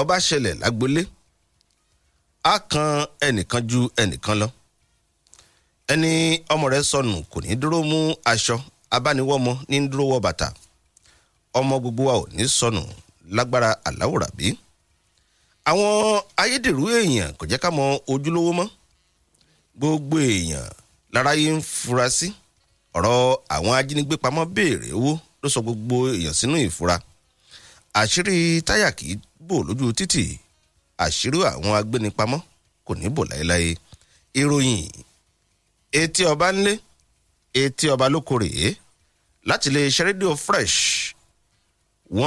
ọ̀rọ̀ bá ṣẹlẹ̀ lágbolé á kan ẹnìkan ju ẹnìkan lọ ẹni ọmọ rẹ̀ sọnù kò ní dúró mú aṣọ abániwọ́mọ ní dúró wọ bàtà ọmọ gbogbo wa ò ní sọnù lágbára aláwòrán bí àwọn ayédèrú èèyàn kò jẹ́ ká mọ ojúlówó mọ́ gbogbo èèyàn lára yìí ń fura sí ọ̀rọ̀ àwọn ajínigbé pamọ́ béèrè owó ló sọ gbogbo èèyàn sínú ìfura. E àṣírí táyà kì í bò lójú títì àṣírí àwọn agbénipamọ́ kò ní bò láéláé ìròyìn etí ọba ńlé etí ọba lóko rèé láti lè ṣe rédíò fresh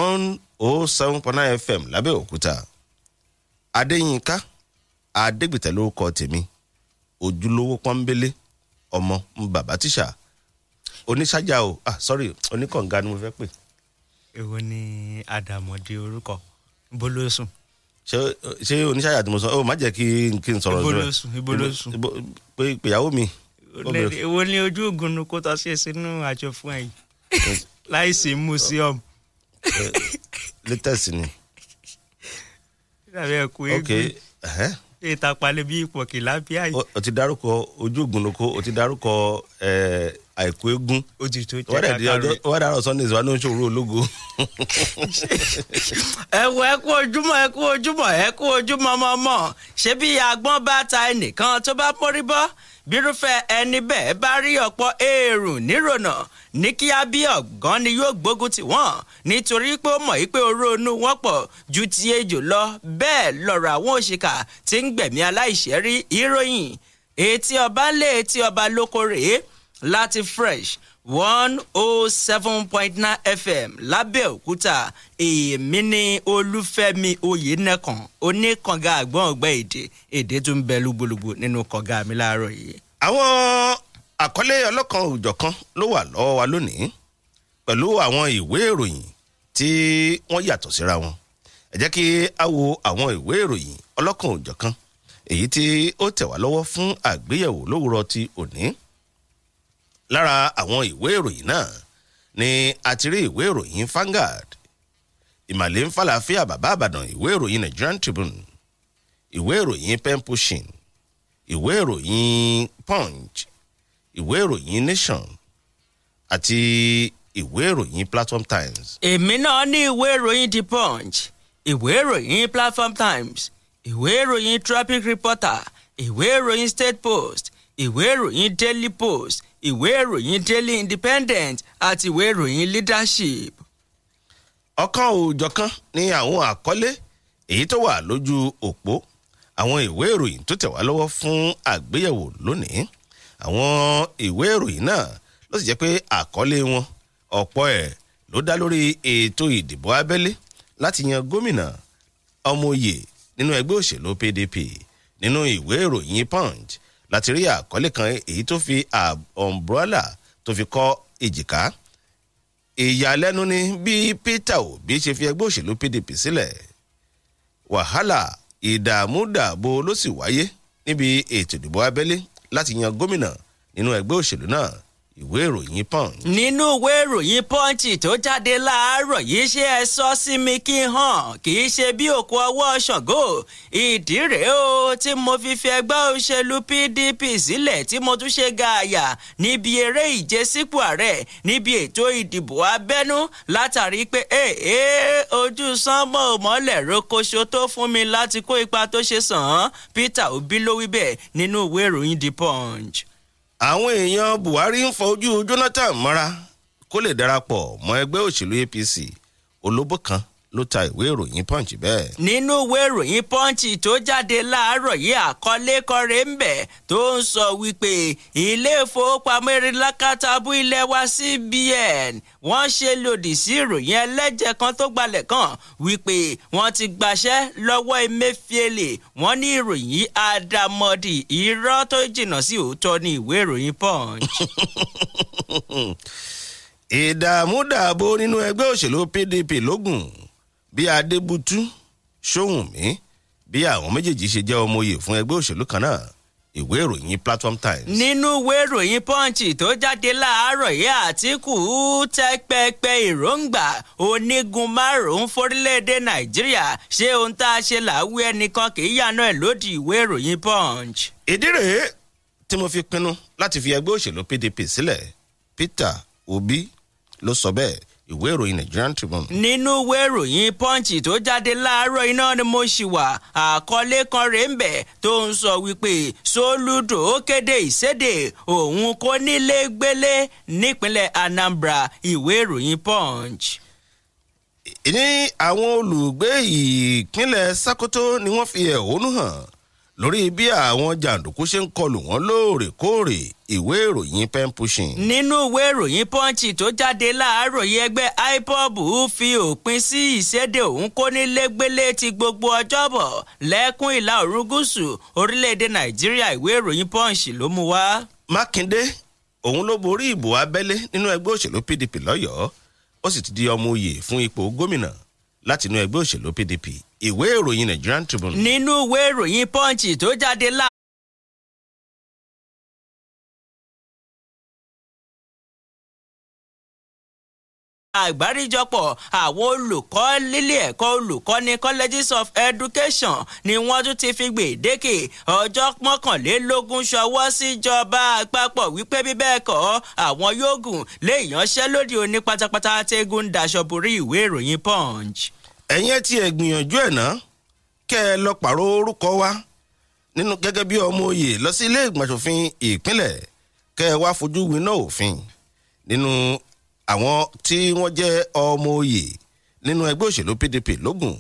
one oh seven point nine fm lábẹ́òkúta adéyínká adégbìtẹ̀ lórúkọ tèmi ojúlówó pọ́nbélé ọmọ bàbá tíṣà oníṣájà o ah sorry oníkànga ni mo fẹ́ pè èwo ni àdàmọ̀dì orúkọ bólósùn. ṣé ṣé oníṣàyà tí mo sọ ọ má jẹ́ kí kí n sọ̀rọ̀ ìbólósùn ìbólósùn pé ìyàwó mi. èwo ni ojú ògùn nu kó tọ́ sí sínú àjọ fún ẹ̀yìn láìsí museum. latest ni. ìdàbí ẹ̀kú eégún ìtàpálẹ̀ bí ipò kìlápíà yìí. o ti dárúkọ ojú ògùn lóko o ti dárúkọ ẹ̀ẹ́ àìkú eégún wọ́n dàrọ̀ sundays wà ní oṣooṣù ológo. ẹ wo ẹ kú ojúmọ́ ẹ kú ojúmọ́ ẹ kú ojúmọ́ mọ́mọ́ ṣé bí agbọ́n bá ta ẹnìkan tó bá mórí bọ́ bírúfẹ́ ẹni bẹ́ẹ̀ bá rí ọ̀pọ̀ èèrùn nírònà ní kíá bí ọ̀gán ni yóò gbógun tì wọ́n nítorí pé ó mọ̀ yí pé oró inú wọn pọ̀ ju ti ejò lọ bẹ́ẹ̀ lọ̀rọ̀ àwọn òṣìkà tí ń gbẹ̀mí aláìṣẹ̀ rí ìròyìn etí ọba lé etí ọba lóko rèé láti fresh one oh seven point nine fm lábẹ́òkúta èmi ní olúfẹ́mi oyènẹ́kan oníkànga àgbọ̀n ọ̀gbẹ́ èdè èdè tó ń bẹ lúgbòlùgbò nínú kànga mi láàárọ̀ yìí. àwọn àkọlé ọlọ́kan òjọ̀kan ló wà lọ́wọ́ wa lónìí pẹ̀lú àwọn ìwé ìròyìn tí wọ́n yàtọ̀ síra wọn ẹ jẹ́ kí a wo àwọn ìwé ìròyìn ọlọ́kan òjọ̀kan èyí tí ó tẹ̀ wá lọ́wọ́ fún àgbéyẹ̀wò lówùrọ̀ ti òní lára àwọn ìwé ìròyìn náà ni a ti rí ìwé ìròyìn Vanguard ìmàlẹ́ ń falàfíà bàbá àbàdàn ìwé ìròyìn Nigerian Tribune ìwé ìròyìn pen pushing ìwé ìròyìn Punch ìwé ìròyìn Nation àti ìwé ìròyìn Platform Times. èmi náà ní ìwé ìròyìn The Punch ìwé ìròyìn Platform Times ìwé ìròyìn Traffic Reporter ìwé ìròyìn State Post ìwé ìròyìn Daily Post ìwé ìròyìn Daily Independent àti ìwé ìròyìn Leadership. ọ̀kan òòjọ̀kan ni àwọn àkọlé èyí tó wà lójú òpó àwọn ìwé ìròyìn tó tẹ̀ wá lọ́wọ́ fún àgbéyẹ̀wò lónìí àwọn ìwé ìròyìn náà ló sì jẹ́ pé àkọlé wọn ọ̀pọ̀ ẹ̀ ló dá lórí ètò ìdìbò abẹ́lé láti yan gómìnà ọmọoyè nínú ẹgbẹ́ òṣèlú PDP nínú ìwé ìròyìn Punch láti rí àkọlé kan èyí tó fi umbrella tó fi kọ́ èjìká ìyàlẹ́nu ni bí Peter Obi ṣe fi ẹgbẹ́ òṣèlú PDP sílẹ̀ wàhálà ìdààmú dààbò ló sì wáyé níbi ètò ìdìbò abẹ́lé láti yan gómìnà nínú ẹgbẹ́ òṣèlú náà ìwé ìròyìn punch. nínú ìwé ìròyìn punch tó jáde láàárọ̀ yìí ṣe ẹ sọ sí mi kí n hàn kì í ṣe bí òkú ọwọ́ ṣàngó ìdí rèé o tí mo fi fi ẹgbẹ́ òṣèlú pdp sílẹ̀ tí mo tún ṣe gààyà níbi eré ìje sípò ààrẹ níbi ètò ìdìbò abẹ́nú látàrí pé ee eh, eh, ojú sánmọ́ òmọ́lẹ̀ rokoṣo tó fún mi láti kó ipa tó ṣe sàn án Peter Obi ló wí bẹ́ẹ̀ nínú ìwé ìròyìn the punch àwọn èèyàn Buhari ń fọjú Jonathan mọ́ra kó lè darapọ̀ mọ́ ẹgbẹ́ òṣèlú APC olóbó kan ló ta ìwé ìròyìn punch bẹ́ẹ̀. nínú ìwé ìròyìn punch tó jáde láàárọ̀ yìí àkọlé kọrẹ́ ń bẹ̀ tó ń sọ wípé ilé ìfowópamọ́ erin katabu ilé wa cbn wọ́n ṣe lòdì sí ìròyìn ẹlẹ́jẹ̀ kan tó gbalẹ̀ kan wípé wọ́n ti gbaṣẹ́ lọ́wọ́ emefiele wọ́n ní ìròyìn àdàmọ̀dì irọ́ tó jìnnà sí òótọ́ ní ìwé ìròyìn punch ìdààmú dààbò nínú ẹgbẹ́ òṣèlú pdp lógún bí adébútú ṣóhùnmí bí àwọn méjèèjì ṣe jẹ́ ọmọ oyè fún ẹgbẹ́ òṣèlú kan náà ìwé ìròyìn platform times. nínú ìwé ìròyìn punch tó jáde láàárọ̀ yìí àtìkù tẹ́pẹ́pẹ́ èròǹgbà onígun márùn-ún forílẹ̀-èdè nàìjíríà ṣé ohun tá a ṣe làwí ẹnìkan kì í yànnà ẹ̀ lódì ìwé ìròyìn punch. ìdí rèé tí mo fi pinnu láti fi ẹgbẹ́ òṣèlú pdp sílẹ̀ peter obi ló sọ bẹ́ẹ̀ ìwé ìròyìn Nigerian Tribune. nínú ìwé ìròyìn punch tó jáde láàárọ̀ iná ni mo ṣì wà àkọlé kan rèé ń bẹ̀ tó ń sọ wípé Soludo ó kéde ìsédè òun kò nílé gbélé nípínlẹ̀ Anambra ìwé ìròyìn punch ní àwọn olùgbé ìpínlẹ̀ sakoto ni wọ́n fi ẹ̀hónú hàn lórí bí àwọn jàǹdùkú ṣe ń kọlù wọn lóòrèkóòrè ìwé ìròyìn pen pushing. nínú ìwé ìròyìn pọ́ǹchì tó jáde láàárọ̀ yìí ẹgbẹ́ ipob fi òpin sí ìsédé òun kó ní lẹ́gbẹ́lé ti gbogbo ọjọ́bọ̀ lẹ́kùn ìlà oòrùn gúúsù orílẹ̀-èdè nàìjíríà ìwé ìròyìn pọ́ǹchì ló mú wá. mákindé òun ló borí ìbò abẹ́lé nínú ẹgbẹ́ òṣèlú pdp lọ́yọ̀ọ́ ó sì ti di ọmọ oyè fún ipò gómìnà látinú ẹgbẹ́ òṣèlú pdp ìwé ìròyìn Nigerian Tribune. nínú ìwé ìròyìn punch tó jáde lá. àgbáríjọpọ̀ àwọn olùkọ́ lílé ẹ̀kọ́ olùkọ́ni colleges of education ni wọ́n tún ti fi gbèdéke ọjọ́ mọ́kànlélógún ṣọwọ́ síjọba àpapọ̀ wípé bí bẹ́ẹ̀ kọ́ àwọn yóò gùn lé ìyanṣẹ́lódì oní pátápátá tẹ́gùn daṣọ borí ìwé ìròyìn punch ẹ̀yin ẹ̀ tiẹ̀ gbìyànjú ẹ̀ náà kẹ́ ẹ lọ pààrọ̀ orúkọ wa nínú gẹ́gẹ́ bí ọmọ òye lọ sí ilé ìgbàsòfin ìpínlẹ̀ kẹ́ ẹ wá fojú winá òfin nínú àwọn tí wọ́n jẹ́ ọmọ òye nínú ẹgbẹ́ òṣèlú PDP lógún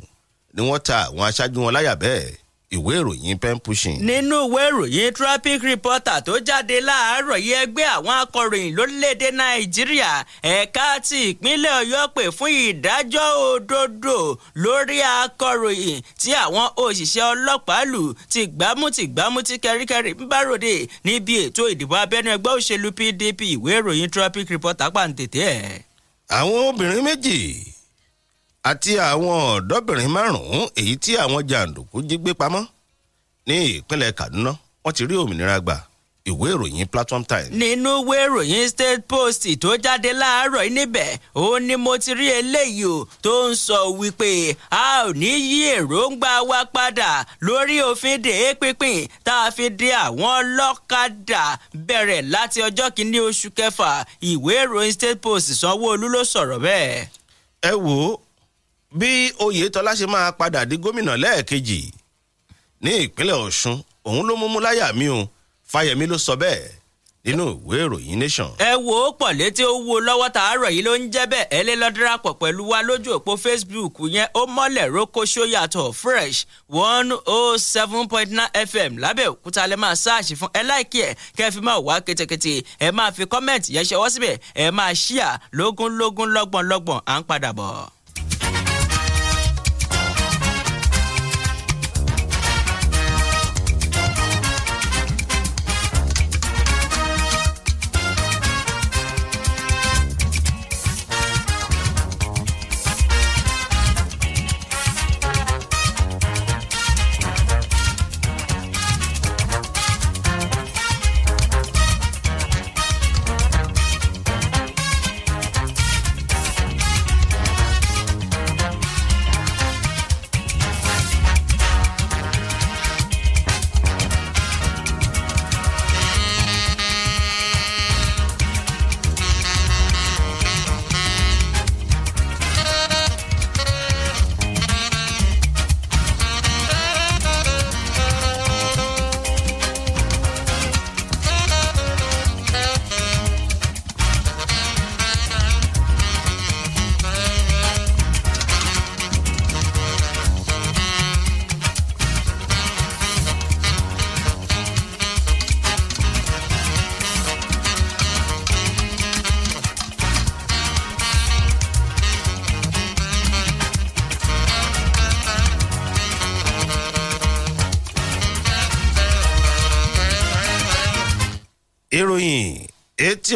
ni wọ́n ta àwọn aṣáájú wọn láyà bẹ́ẹ̀ ìwé ìròyìn pen pushing. nínú ìwé ìròyìn traffic reporter tó jáde láàárọ̀ yìí ẹgbẹ́ àwọn akọ̀ròyìn lórílẹ̀‐èdè nàìjíríà ẹ̀ka ti ìpínlẹ̀ ọ̀yọ́ pè fún ìdájọ́ òdodo lórí akọ̀ròyìn tí àwọn òṣìṣẹ́ ọlọ́pàá lù ti gbámú ti gbámú ti kẹ́ríkẹ́rí ń bá ròde níbi ètò ìdìbò abẹ́nú ẹgbẹ́ òṣèlú pdp ìwé ìròyìn traffic reporter pàǹtẹ̀tẹ̀ ẹ̀. àwọn obìnrin méjì àti àwọn ọ̀dọ́bìnrin márùn-ún èyí tí àwọn jàǹdùkú jí gbé pamọ́ ní ìpínlẹ̀ Kaduna wọ́n ti rí òmìnira gbà ìwé ìròyìn platform time. nínú ìwé ìròyìn state post tó jáde láàárọ̀ níbẹ̀ ó ní mo ti rí eléyìí tó ń sọ wípé a ò ní yí èròǹgbà wa padà lórí òfin dè é pínpín tá a fi dé àwọn ọlọ́kadà bẹ̀rẹ̀ láti ọjọ́ kìíní oṣù kẹfà ìwé ìròyìn state post sanwó-olú ló sọ̀rọ̀ bẹ́ẹ̀. ẹ wo bí oyetola ṣe máa padà di gómìnà lẹ́ẹ̀kejì ní ìpínlẹ̀ ọ̀ṣun òun ló mú mú láyà mi o fáyemí ló sọ bẹ́ẹ̀ nínú ìwé ìròyìn nation. ẹ wo ó pọ̀ létí ó wo lọ́wọ́ tàárọ̀ yìí ló ń jẹ́ bẹ́ẹ̀ ẹ lè pẹ̀lú wa lójú òpó facebook yẹn ó mọ́lẹ̀ roko ṣóyàtọ̀ fresh one oh seven point nine fm lábẹ́òkúta lè máa ṣáàṣì fún ẹ láìkí ẹ̀ kẹ́ fi máa wá ketekete ẹ máa fi kọ́mẹ̀ntì yẹn ṣọwọ́ síbẹ̀ ẹ máa ṣíà lógúnlógún lọ́gbọ̀nlọ́gbọ̀n à ń padà bọ̀.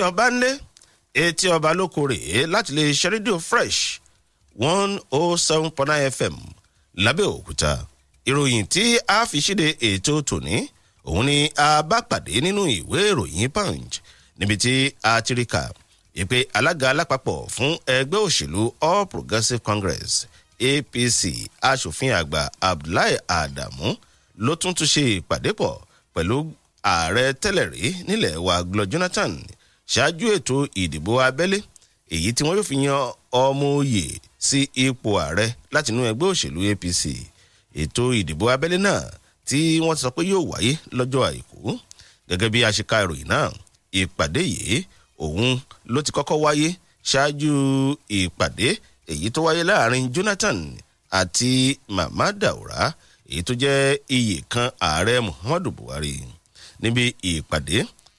ọba ń lé etí ọba lóko rèé láti lè ṣe rédíò fresh one oh seven point nine fm lábẹ́òkúta ìròyìn tí a fi ṣíde ètò tòní òun ni a bá pàdé nínú ìwé ìròyìn punch níbi tí a ti rí kà ìpè alága alápapọ̀ fún ẹgbẹ́ òṣèlú all progressives congress apc asòfin àgbà abdullahi adamu ló tún tún ṣe ìpàdé pọ̀ pẹ̀lú ààrẹ tẹ́lẹ̀ rí nílẹ̀ wa glo jonathan ṣáájú ètò ìdìbò abẹ́lé èyí tí wọ́n yóò fi yan ọmọ òye sí ipò ààrẹ látinú ẹgbẹ́ òṣèlú APC ètò ìdìbò abẹ́lé náà tí wọ́n ti sọ pé yóò wáyé lọ́jọ́ àìkú gẹ́gẹ́ bí aṣíka ìròyìn náà ìpàdé yìí òun ló ti kọ́kọ́ wáyé ṣáájú ìpàdé èyí tó wáyé láàrin Jonathan àti Mama Daura èyí tó jẹ́ iyè kan ààrẹ Muhammadu Buhari níbi ìpàdé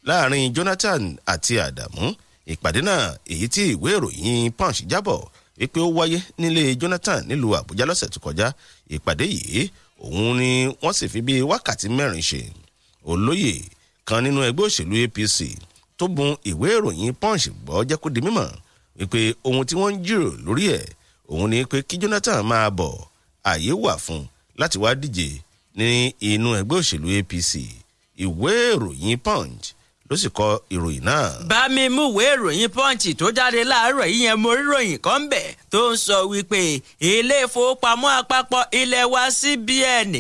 láàrin Jonathan àti Adamu ìpàdé náà èyí tí ìwé ìròyìn Punch jábọ̀ wípé ó wáyé nílé Jonathan nílùú Àbújá lọ́sẹ̀ tó kọjá ìpàdé yìí òun ni wọ́n sì fi bíi wákàtí mẹ́rin ṣe olóyè kan nínú ẹgbẹ́ òṣèlú APC tó bun ìwé ìròyìn Punch gbọ́ jẹ́ kó di mímọ̀ wípé ohun tí wọ́n ń jírò lórí ẹ̀ òun ni pé kí Jonathan máa bọ̀ ààyè wà fún láti wá díje ní inú ẹgbẹ́ òṣèlú APC ìwé ìròyìn Punch ló sì kọ ìròyìn náà. bá mi mú ìwé ìròyìn punch tó jáde láàárọ̀ yìí yẹn mo ríròyìn kan ń bẹ̀ tó ń sọ wípé ilé ìfowópamọ́ àpapọ̀ ilẹ̀ wa cbn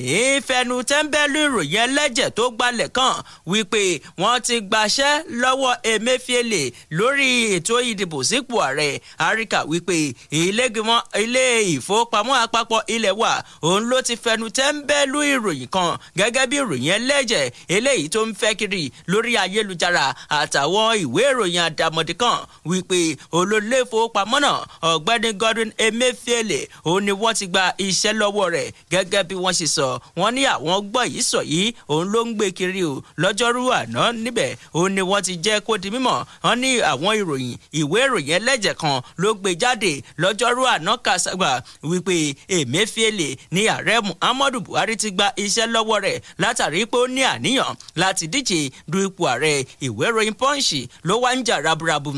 fẹnu tẹ́ńbẹ́lú ìròyìn ẹlẹ́jẹ̀ tó gbalẹ̀ kan wípé wọ́n ti gbaṣẹ́ lọ́wọ́ emefiele lórí ètò ìdìbò sípò ààrẹ àríkà wípé ilé ìfowópamọ́ àpapọ̀ ilẹ̀ wa òun ló ti fẹnu tẹ́ńbẹ́lú ìròyìn kan gẹ́gẹ́ bí ìròyìn ẹlẹ́jẹ̀ eléyìí tó ń fẹ́ kiri lórí ayélujára ayélujára àtàwọn ìwé ìròyìn àdàmọ̀dì kan wípé olólè ìfowópamọ́ náà ọ̀gbẹ́ni Godwin Emefiele òun ni wọ́n ti gba iṣẹ́ lọ́wọ́ rẹ̀ gẹ́gẹ́ bí wọ́n ṣe sọ wọ́n ní àwọn gbọ́ yìí sọ yìí òun ló ń gbé kiri o lọ́jọ́rú àná níbẹ̀ òun ni wọ́n ti jẹ́ kó di mímọ̀ wọ́n ní àwọn ìròyìn ìwé ìròyìn ẹlẹ́jẹ̀ kan ló gbé jáde lọ́jọ́rú àná kàṣàgbà wípé Emefiele ní ààrẹ Muhammadu Buhari ti gba iṣẹ́ lọ́wọ́ rẹ̀ látàrí pé ó ní àníyàn láti díje du ipò ààrẹ ìwé ìròyìn Punch ló wá ń jà raburabu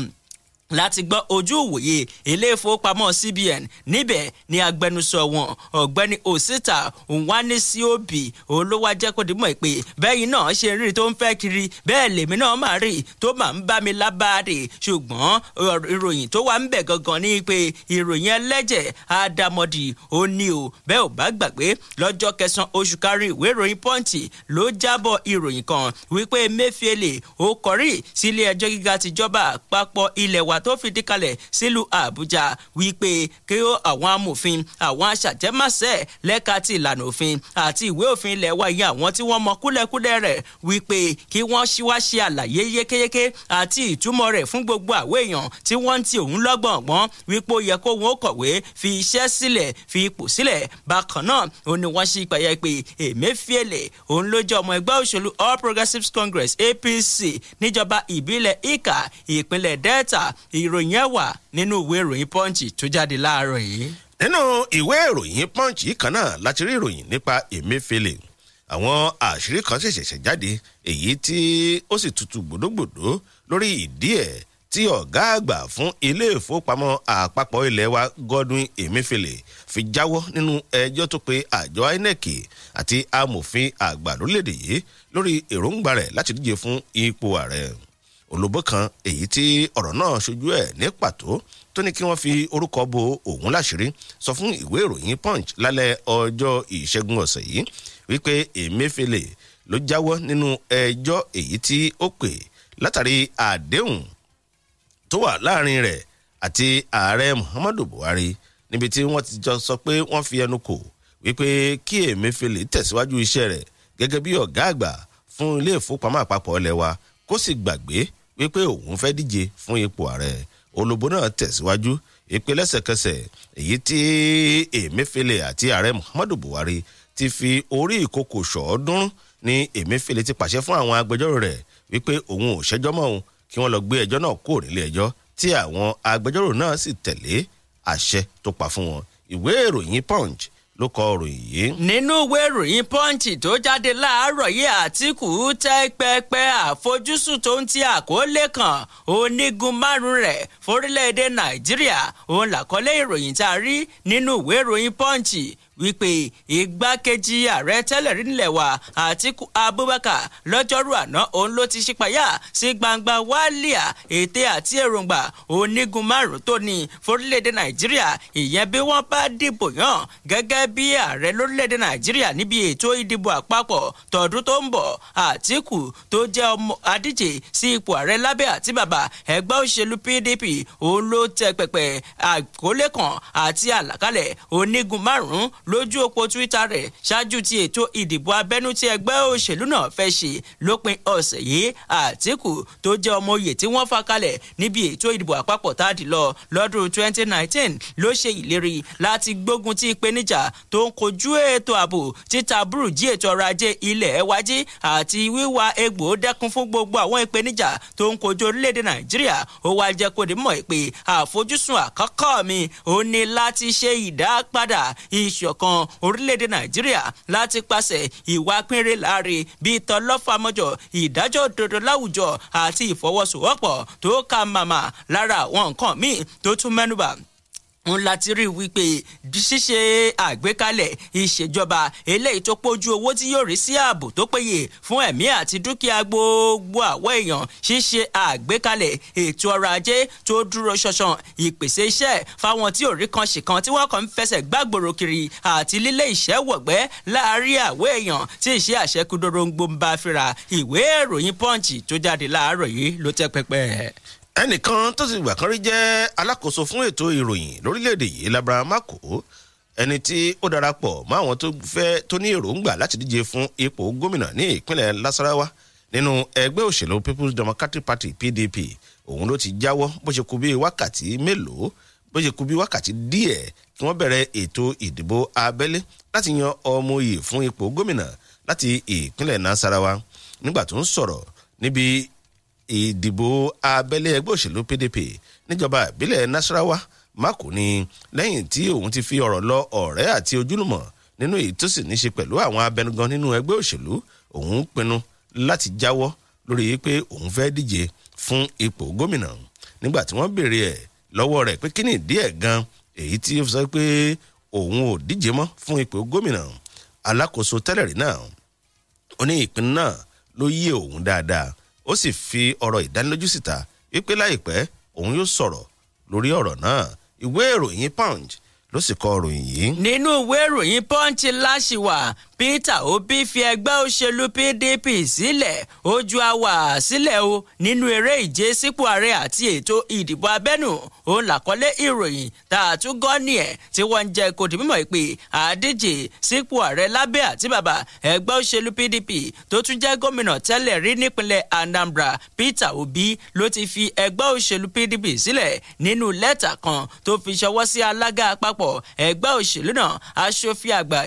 láti gbọ́ ojú ìwòye ilé ìfowópamọ́ cbn níbẹ̀ ni agbẹnusọ wọn ọ̀gbẹ́ni osita nwanesiobi olówájẹ́ kó dìímọ̀ pé bẹ́yìn náà ṣe ń rí tó ń fẹ́ kiri bẹ́ẹ̀ lèmi náà máa rí tó máa ń bá mi lábàárẹ̀ ṣùgbọ́n ìròyìn tó wà ń bẹ̀ gangan ni pé ìròyìn ẹlẹ́jẹ̀ àdàmọ̀dì ó ní o bẹ́ẹ̀ ò bá gbàgbé lọ́jọ́ kẹsàn-án oṣù kárí ìwé ìròyìn pọ́ǹtì ló jábọ̀ ìròyìn kan wípé emefiele ó kọrí sílé ẹjọ́ gíga tìjọba àpapọ̀ ilẹ̀ wa mẹ́wàá tó fìdí kalẹ̀ sílùú àbújá wípé kí àwọn amòfin àwọn aṣàjẹmọ́sẹ̀ lẹ́ka ti ìlànà òfin àti ìwé òfin ilẹ̀ wa yìí àwọn tí wọ́n mọ kúlẹ̀kúlẹ̀ rẹ̀ wípé kí wọ́n ṣíwá ṣe àlàyé yékéyéké àti ìtumọ̀ rẹ̀ fún gbogbo àwọn èèyàn tí wọ́n ń ti òun lọ́gbọ̀ngbọ́n wípé ó yẹ kó wọn ó kọ̀wé fi iṣẹ́ sílẹ̀ fi ipò sílẹ̀ bákan náà òun ni wọ́n ṣe ìpàyà pé èmẹ́fìẹ́lẹ̀ òun ló jẹ́ ọmọ ẹgbẹ́ òṣèlú All Progressives Congress APC níjọba ìbílẹ̀ Ìkà ìpínlẹ̀ Delta ìròyìn ẹ̀ wà nínú ìwé ìròyìn punch tó jáde láàárọ̀ yìí. nínú ìwé ìròyìn punch kan náà láti rí ìròyìn nípa emefiele àwọn àṣírí kan ṣẹ̀ṣẹ̀ṣẹ̀ jáde èyí tí ó sì tutù gbòdógbòdó lórí ìdí ẹ̀ tí ọ̀gá àgbà fún ilé ìfowópamọ́ àpapọ̀ ilẹ̀ wa godwin emefiele fi jáwọ́ nínú ẹjọ́ tó pe àjọ inec àti amòfin àgbà lórílẹ̀‐èdè yìí lórí èròǹgbà rẹ̀ láti díje fún ipò ààrẹ olóbó kan èyí tí ọ̀rọ̀ náà ṣojú ẹ̀ ní pàtó tó ní kí wọ́n fi orúkọ bo òun láṣìírí sọ fún ìwé ìròyìn punch lálẹ́ ọjọ́ ìṣẹ́gun ọ̀sẹ̀ yìí wípé emefiele ló jáwọ́ nínú ẹjọ́ èyí tí ó pè látàrí àdéhùn tó wà láàrin rẹ̀ àti ààrẹ muhammadu buhari níbi tí wọ́n ti jọ sọ pé wọ́n fi ẹnu kò wípé kí emefiele tẹ̀síwájú iṣẹ́ rẹ̀ gẹ́gẹ́ bí ọ̀gá àgbà fún ilé ìfowópamọ́ àpapọ̀ ilẹ̀ kó sì gbàgbé wípé òun fẹ́ díje fún ipò ààrẹ olóbó náà tẹ̀síwájú ìpè lẹ́sẹ̀kẹsẹ̀ èyí tí Emefiele àti ààrẹ Muhammadu Buhari ti fi orí ìkòkò ṣọ̀ọ́dúnrún ní Emefiele ti pàṣẹ fún àwọn agbẹjọ́rò rẹ̀ wípé òun ò ṣẹjọ́ mọ́ òun kí wọ́n lọ gbé ẹjọ́ náà kúrò nílé ẹjọ́ tí àwọn agbẹjọ́rò náà sì tẹ̀lé àṣẹ tó pa fún wọn ìwé ìròyìn Punch ló kọ ìròyìn yìí. nínú ìwé ìròyìn pọ́ǹchì tó jáde láàárọ̀ yìí àtìkù tẹ́ pẹpẹ àfojúsùn tó ń ti àkọlé kan onígun márùn-ún rẹ̀ forílẹ̀-èdè nàìjíríà òun làkọlé ìròyìn tá a rí nínú ìwé ìròyìn pọ́ǹchì wípé igbákejì ààrẹ tẹ́lẹ̀ rí nílẹ̀ wa àtiku abubakar lọ́jọ́rú àná òun ló ti ṣípayá sí gbangba wálíà ète àti èròǹgbà onígun márùn tó ní forílẹ̀-èdè nàìjíríà ìyẹn bí wọ́n bá dìbò yàn gẹ́gẹ́ bí ààrẹ lórílẹ̀-èdè nàìjíríà níbi ètò ìdìbò àpapọ̀ tọdún tó ń bọ̀ àtiku tó jẹ́ ọmọ adíje sí ipò ààrẹ lábẹ́ àti bàbá ẹgbẹ́ òṣèlú pdp òun ló tẹ pẹpẹ àkólé kan àti àlàkalẹ̀ lójú òpó Twitter rẹ̀ ṣáájú ti ètò ìdìbò abẹ́nú tí ẹgbẹ́ òṣèlú náà fẹ́ ṣe lópin ọ̀sẹ̀ yìí Àtíkù tó jẹ́ ọmọ oyè tí wọ́n fà kalẹ̀ níbi ètò ìdìbò àpapọ̀ táàdì lọ lọ́dún 2019 ló ṣe ìlérí láti gbógun ti ìpèníjà tó ń kojú ètò ààbò títa burújí ètò ọrọ̀ ajé ilẹ̀ wájí àti wíwá egbò dẹ́kun fún gbogbo àwọn ìpèníjà tó ń kojú orílẹ̀-èdè Nàìjíríà ó wá jẹ́ kó dì mọ̀ pé àfojúsùn àkọ́kọ́ mi ò ní láti ṣe ìdápadà ìṣọ̀ ìṣọ̀kan orílẹ̀-èdè nàìjíríà láti pàṣẹ ìwà pínrẹ láàrin bíi tọlọ́fàmọ́jọ ìdájọ́ òdodo láwùjọ àti ìfọwọ́sowọ́pọ̀ tó ká màmá lára àwọn nǹkan míì tó tún mẹ́nubà ń láti rí wípé ṣíṣe àgbékalẹ̀ ìṣèjọba eléyìí tó pójú owó tí yóò rí sí ààbò tó péye fún ẹ̀mí àti dúkìá gbogbo àwọn èèyàn ṣíṣe àgbékalẹ̀ ètò ọrọ̀ ajé tó dúró ṣọṣàn ìpèsè iṣẹ́ fáwọn tí ò rí kan ṣì tí wọ́n kàn ń fẹsẹ̀ gbàgbòrò kiri àti lílé iṣẹ́ wọ̀gbẹ́ láàárín àwọn èèyàn tí ìṣe àṣẹkúdórógbó ń bá fira ìwé ìròyìn Punch ẹnìkan tó ti gbà kan rí jẹ́ alákòóso fún ètò ìròyìn lórílẹ̀‐èdè yìí labra mako ẹni tí ó darapọ̀ mọ́ àwọn tó fẹ́ tó ní èròǹgbà láti díje fún ipò gómìnà ní ìpínlẹ̀ lasarawa nínú ẹgbẹ́ òṣèlú people's democratic party pdp òun ló ti jáwọ́ bó ṣe kù bí wákàtí mélòó bó ṣe kù bí wákàtí díẹ̀ kí wọ́n bẹ̀rẹ̀ ètò ìdìbò abẹ́lé láti yan ọmọ yìí fún ipò gómìnà láti ìpínlẹ̀ nasarawa nígbà tó ń sọ̀rọ̀ níbi ìdìbò abẹ́lé ẹgbẹ́ òṣèlú pdp níjọba ìbílẹ̀ nasarawa mako ni lẹ́yìn tí òun ti fi ọ̀rọ̀ lọ ọ̀rẹ́ àti ojúlùmọ̀ nínú èyí tó sì ní ṣe pẹ̀lú àwọn abẹnugan nínú ẹgbẹ́ òṣèlú òun pinnu láti jáwọ́ lórí pé òun fẹ́ díje fún ipò gómìnà nígbà tí wọ́n béèrè ẹ̀ lọ́wọ́ rẹ̀ pé kí ni ìdí ẹ̀ gan èyí tí ó sọ pé òun ò díje mọ́ fún ipò gómìnà alákòóso tẹ́lẹ̀rí náà ó ní ìpinnu náà ló yé òun dáadáa ó sì fi ọ̀rọ̀ ìdánilójú síta wípé láìpẹ́ òun yóò sọ̀rọ̀ lórí ọ̀rọ̀ náà ìwé ìròyìn punch ló sì kọ ìròyìn yìí. nínú ìwé ìròyìn punch láṣìwà Peter Obi fi ẹgbẹ́ òṣèlú PDP sílẹ̀ ó ju awà sílẹ̀ o nínú eré ìje sípò ààrẹ àti ètò ìdìbò abẹ́nú òun làkọ́lé ìròyìn tá a tún gọ́ ní ẹ̀ tí wọ́n ń jẹ́ kó di mímọ̀ pé àdíje sípò ààrẹ lábẹ́ àti bàbá ẹgbẹ́ òṣèlú PDP tó tún jẹ́ gómìnà tẹ́lẹ̀ rí nípínlẹ̀ Anambra Peter Obi ló ti fi ẹgbẹ́ òṣèlú PDP sílẹ̀ nínú lẹ́tà kan tó fi ṣọwọ́ sí alága àpapọ̀ ẹgbẹ́ òṣèlú náà aṣòfin àgbà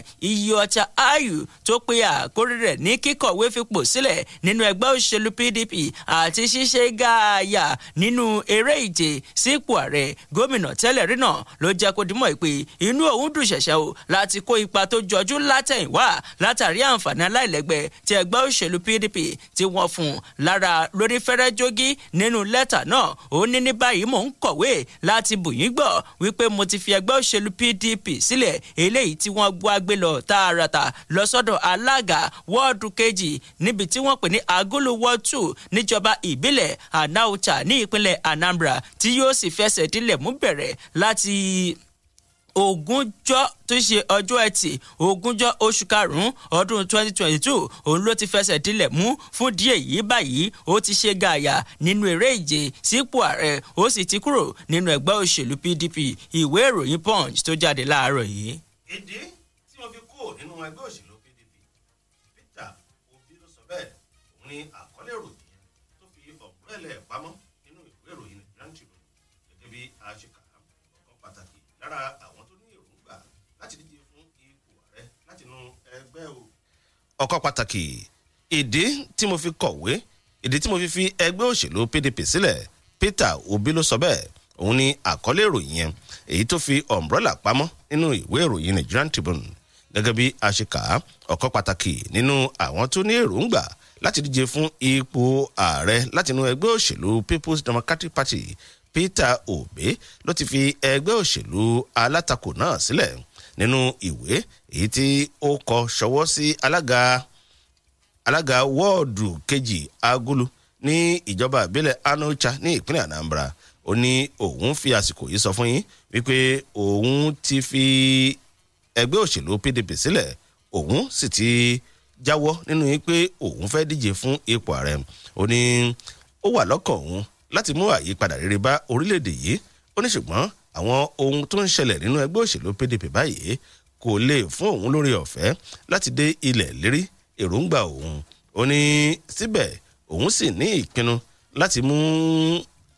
Ayu tó pe àkórí rẹ̀ ní kíkọ̀wé fipò sílẹ̀ nínú ẹgbẹ́ òṣèlú PDP àti ṣíṣe gààyà nínú eré ìje sípò ààrẹ gómìnà tẹ́lẹ̀ rí náà ló jẹ́ kó dimọ̀ pé inú òun dùn ṣẹ̀ṣẹ̀ o láti kó ipa tó jọjú látẹ̀yìnwá látàrí àǹfààní aláìlẹ́gbẹ́ ti ẹgbẹ́ òṣèlú PDP tí wọ́n fún lára lórí fẹ́rẹ́ jogi nínú lẹ́tà náà ó ní ní báyìí mò ń kọ̀wé láti bù yín gbọ́ wípé mo ti fi ẹgbẹ́ òṣèlú PDP sílẹ̀ eléyìí tí wọ́n gbọ́ agbé tààràtà lọ sọ́dọ̀ alága wọ́ọ̀dù kejì níbi tí wọ́n pè ní agolo ward two níjọba ìbílẹ̀ anauta ní ìpínlẹ̀ Anambra tí yóò sì fẹsẹ̀ dílẹ̀ mú bẹ̀rẹ̀ láti ogúnjọ́ tó ṣe ọjọ́ ẹtì ogúnjọ́ oṣù karùn-ún ọdún 2022 òun ló ti fẹsẹ̀ dilẹ̀ mú fún díẹ̀ yìí báyìí ó ti ṣe gààyà nínú eré ìje sípò ààrẹ ó sì ti kúrò nínú ẹgbẹ́ òṣèlú PDP ìwé ìròyìn Punch tó jáde láàárọ̀ yìí kúrò oh, nínú ẹgbẹ́ òṣèlú pdp peter obi ló sọ bẹ́ẹ̀ òun ni àkọlé ìròyìn yẹn tó fi ọ̀pọ̀lẹ́lẹ̀ pamọ́ nínú ìwé ìròyìn nigerian gẹ́gẹ́ bí aṣèkà ọ̀kan pàtàkì lára àwọn tó ní èròǹgbà láti díje fún ipò ààrẹ látinú ẹgbẹ́ o. ọ̀kan pàtàkì ìdí tí mo fi kọ̀wé ìdí tí mo fi fi ẹgbẹ́ òṣèlú pdp sílẹ̀ peter obi ló sọ bẹ́ẹ̀ òun ni àkọlé ìròyìn yẹn èyí tó fi ọ̀mbrọ́là pamọ́ nínú ìwé ìròyìn nigerian tribune gẹ́gẹ́ bí a ṣe kà á ọ̀kan pàtàkì nínú àwọn tó ní èròǹgbà láti díje fún ipò ààrẹ látinú ẹgbẹ́ òṣèlú People's Democratic Party Peter Obe ló ti fi ẹgbẹ́ òṣèlú alátakò náà sílẹ̀ nínú ìwé èyí tí ó kọ ṣọwọ́ sí alága alága wọ́ọ̀dù kejì agulu ní ìjọba ìbílẹ̀ Anocha ní ìpínlẹ̀ Anambra ó ní òun fi àsìkò yìí sọ fún yín wípé òun ti fi ẹgbẹ́ òṣèlú PDP sílẹ̀ òun sì ti jáwọ́ nínú yín pé òun fẹ́ díje fún ipò ààrẹ ó ní ó wà lọ́kàn òun láti mú àyípadà rere bá orílẹ̀-èdè yìí ó ní ṣùgbọ́n àwọn ohun tó ń ṣẹlẹ̀ nínú ẹgbẹ́ òṣèlú PDP báyìí kò lè fún òun lórí ọ̀fẹ́ láti dé ilẹ̀ lérí èròǹgbà òun ó ní síbẹ̀ òun sì ní ìpinnu láti mú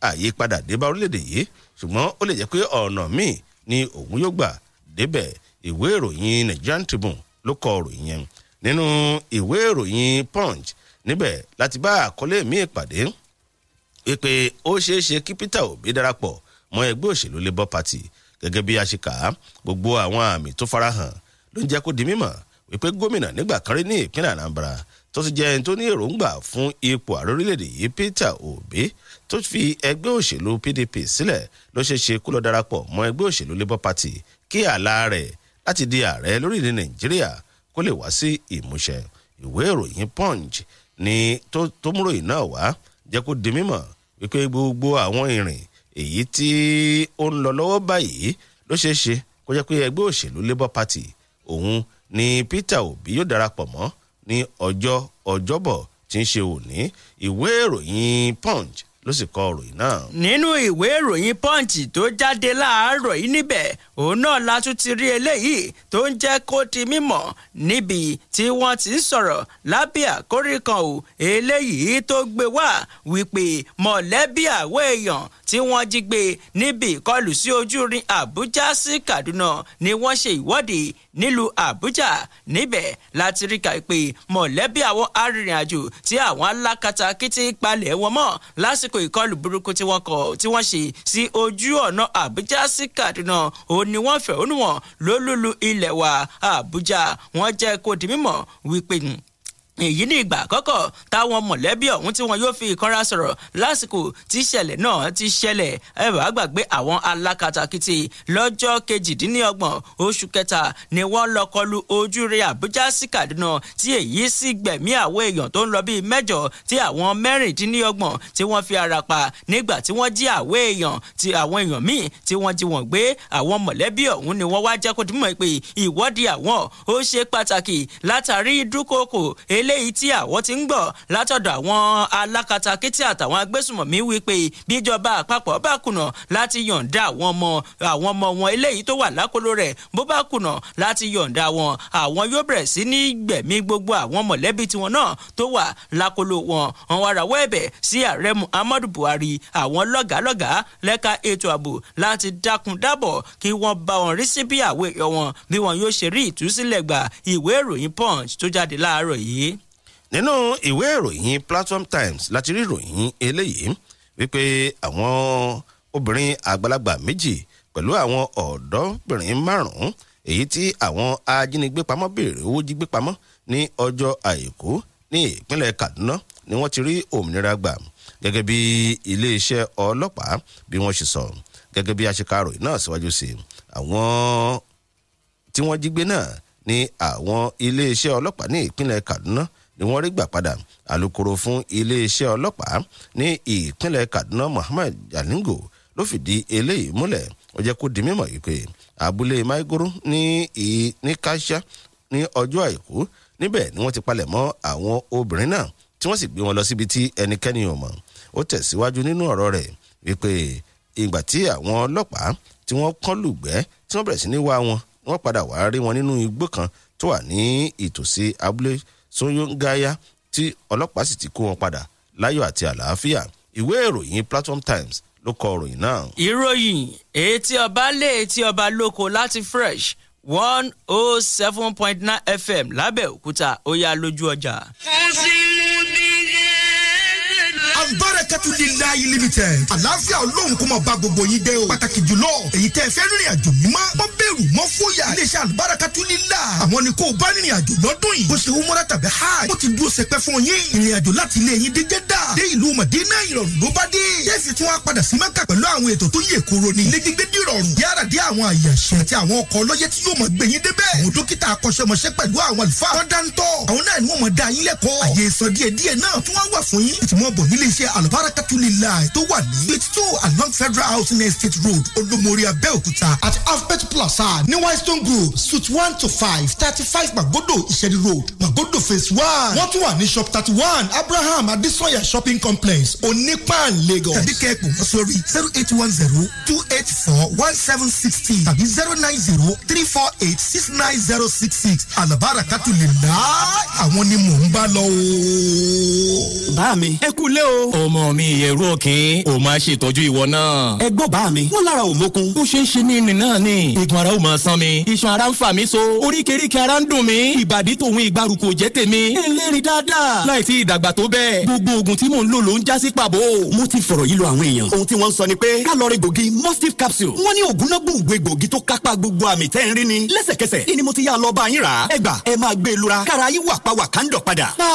àyípadà dé bá orílẹ̀-èdè yìí ṣùgbọ́n ó lè jẹ́ pé ọ̀nà míì ni òun yóò gbà débẹ̀ ìwé ìròyìn Nigerian Tribune ló kọ ìròyìn yẹn nínú ìwé ìròyìn Punch níbẹ̀ láti bá àkọlé mi ìpàdé wípé ó ṣeéṣe kí Peter Obi darapọ̀ mọ́ ẹgbẹ́ òṣèlú Labour Party gẹ́gẹ́ bí a ṣe kà á gbogbo àwọn àmì tó farahàn ló ń jẹ́ kó di mímọ̀ wípé gómìnà nígbà kan rí ní ìpínlẹ̀ Anambra tó ti jẹ́ ẹni tó ní èròǹgbà fún ipò ààrẹ orílẹ̀-èdè yìí Peter Obi tó fi ẹgbẹ́ òṣèlú PDP sílẹ̀ ló ṣeé ṣe kó lọ darapọ̀ mọ́ ẹgbẹ́ òṣèlú Labour Party kí àlá rẹ̀ láti di ààrẹ lórílẹ̀ nàìjíríà kó lè wá sí ìmúṣẹ ìwé ìròyìn punch ni tó múròyìn náà wá jẹ́ kó di mímọ̀ wípé gbogbo àwọn ìrìn èyí tí ó ń lọ lọ́wọ́ báyìí ló ṣeé ṣe kó jẹ́ pé ẹgbẹ́ òṣèlú labour party òun ni peter obi yóò darapọ̀ mọ́ ní ọjọ́ ọjọ́bọ̀ tí ń ṣe òní ìwé ìròyìn punch ló sì kọ ìròyìn náà. nínú ìwé ìròyìn punch tó jáde láàárọ̀ yìí níbẹ̀ òun náà la tún ti rí eléyìí tó ń jẹ́ kó di mímọ̀ níbi tí wọ́n ti ń sọ̀rọ̀ lábẹ́ àkórí kan eléyìí tó gbé wá wípé mọ̀lẹ́bí àwọn èèyàn tí wọ́n jí gbé níbi ìkọlù sí ojúrin Àbújá sí Kaduna ni wọ́n ṣe ìwọ́de nílùú àbújá níbẹ̀ láti rí kà pé mọ̀lẹ́bí àwọn arìnrìn-àjò tí àwọn alákatakítí palẹ̀ wọn mọ́ lásìkò ìkọlù burúkú tí wọ́n kọ tí wọ́n ṣe sí ojú ọ̀nà àbújá sí kaduna òun ni wọ́n fẹ̀hónú wọn lólúlu ilẹ̀ wa àbújá wọ́n jẹ́ kó di mímọ̀ wípé èyí ní ìgbà àkọ́kọ́ táwọn mọ̀lẹ́bí ọ̀hún tí wọn yóò fi ìkanra sọ̀rọ̀ lásìkò tí ìṣẹ̀lẹ̀ náà ti ṣẹlẹ̀ ẹ bá gbàgbé àwọn alákatakítí lọ́jọ́ kejìdínlọ́gbọ̀n oṣù kẹta ni wọ́n lọ kọlu ojúre Àbújá sí Kaduna tí èyí sì gbẹ̀mí àwọn èèyàn tó ń lọ bíi mẹ́jọ tí àwọn mẹ́rìndínlọ́gbọ̀n tí wọ́n fi ara pa nígbà tí wọ́n jí àwọn èèyàn tí àwọn èèyàn míì tí wọ́n jí wọn gbé àwọn mọ̀lẹ́bí ọ̀hún ni wọ́n wá jẹ́ kó dìmọ̀ pé ìwọ́de àwọn ó ṣe pàtàkì látàrí ìdúkòkò elé eléyìí tí àwọn ti ń gbọ́ látọ̀dọ̀ àwọn alákatakítí àtàwọn agbésùmọ̀mí wípé bíjọba àpapọ̀ bá kùnà láti yọ̀ǹda àwọn ọmọ àwọn ọmọ wọn eléyìí tó wà lákòlò rẹ̀ bó bá kùnà láti yọ̀ǹda wọn àwọn yóò bẹ̀rẹ̀ sí ní gbẹ̀mí gbogbo àwọn mọ̀lẹ́bí tiwọn náà tó wà lákòlò wọn wọn wá rawọ́ ẹ̀bẹ̀ sí ààrẹ Muhammadu Buhari àwọn lọ́gàálọ́gàá lẹ́ka ètò ààbò nínú ìwé ìròyìn Platform Times láti rí ìròyìn eléyìí wípé àwọn obìnrin àgbàlagbà méjì pẹ̀lú àwọn ọ̀dọ́bìnrin márùn-ún èyí tí àwọn ajínigbé pamọ́ béèrè owó jí gbé pamọ́ ní ọjọ́ àìkú ní ìpínlẹ̀ Kaduna ni wọ́n ti rí òmìnira gbà gẹ́gẹ́ bí iléeṣẹ́ ọlọ́pàá bí wọ́n ṣe sọ gẹ́gẹ́ bí aṣekarò náà síwájú sí àwọn tí wọ́n jí gbé náà ní àwọn iléeṣẹ́ ọlọ́pàá ní ìpínlẹ̀ Kaduna ni wọ́n rí gbà padà alūkkóró fún iléeṣẹ́ ọlọ́pàá ní ìpínlẹ̀ Kaduna Muhammad Jalingo ló fìdí eléyìí múlẹ̀ ó jẹ́ kó di mímọ̀ yìí pé abúlé Maigoro ní Kasia ní ọjọ́ àìkú níbẹ̀ ni wọ́n ti palẹ̀ mọ́ àwọn obìnrin náà tí wọ́n sì gbé wọn lọ síbi tí ẹnikẹ́ni ò mọ̀ ó tẹ̀síwájú nínú ọ̀rọ̀ rẹ̀ wípé ìgbà tí àwọn ọlọ́pàá tí wọ́n kán lùgbẹ́ tí wọ́n bẹ̀rẹ̀ sí ní wá wọn wọ́n padà wá rí wọn nínú igbó kan tó wà ní ìtòsí abúlé sonyongaya tí ọlọ́pàá sì ti kó wọn padà láyọ̀ àti àlàáfíà ìwé ìròyìn platform times ló kọ ìròyìn náà. ìròyìn etí ọba lé etí ọba lóko láti fresh one oh seven point nine fm lábẹ́òkúta ó yá lójú ọjà. kò sí mú bí albarakatu lilayi limited àlàáfíà olóhùn kó máa bá gbogbo yín dé o pàtàkì jùlọ èyí tẹ́ fẹ́ rìnrìn àjò mímọ́ mọ́ bẹ̀rù mọ́ fóyà iléeṣẹ́ albarakatu lila àwọn ni kó bá rìnrìn àjò lọ́dún yìí bó ṣe wúmọ́ra tàbí háì wọ́n ti dúró sẹpẹ́ fún yín ìrìn àjò láti ilé yín dé Jẹ́dà dé ìlú Mọ̀dínà ìrọ̀rùn ló bá dé jẹ́sì tí wọ́n padà sí Mẹ́kà pẹ̀lú àwọn ètò tó yè koro ni ilé gbígbé dìrọ̀rùn yára dé iléeṣẹ́ alubarakatulila tó wà ní eight two along federal housing estate road olomori abẹ́òkúta at alphabet plaza ní whitestone grove suite one to five thirty five magodo ìṣẹ̀lẹ̀ road magodo phase one wọ́n tún wà ní shop thirty one abraham adesanya shopping complex onípàn lagos tàbí kẹ́ẹ̀pù sórí zero eight one zero two eight four one seven sixteen tàbí zero nine zero three four eight six nine zero six six alubarakatulila àwọn ni mò ń bá lọ o. bá mi ẹ kú lé o o. ọmọ mi ìyẹ̀rú òkín ò máa ṣètọ́jú ìwọ náà. ẹ gbọ́ bá mi wọ́n lára ò mokun. ó ṣeé ṣe ní ìrìn náà ni. igun ara ò máa san mi. iṣan ara ń fà mí so. oríkèéríkèé ara ń dùn mí. ìbàdí tòun ìgbàrúkọ jẹ́ tèmi. ẹlẹ́rìí dáadáa. láì sí ìdàgbà tó bẹ́ẹ̀. gbogbo oògùn tí mò ń lò ló ń já sí pàbó. mo ti fọ̀rọ̀ yìí lọ àwọn èèyàn. ohun tí wọ́n sọ ni pé kálọ̀rì capsule. wọ́n ní ògùn náà gbòǹgbò egbògi tó kápá gbogbo àmì tẹ́ ń rí ni. lẹ́sẹ̀kẹsẹ̀ ni e lura. kára yín wà pa wà ká ń dọ̀ padà. Ah,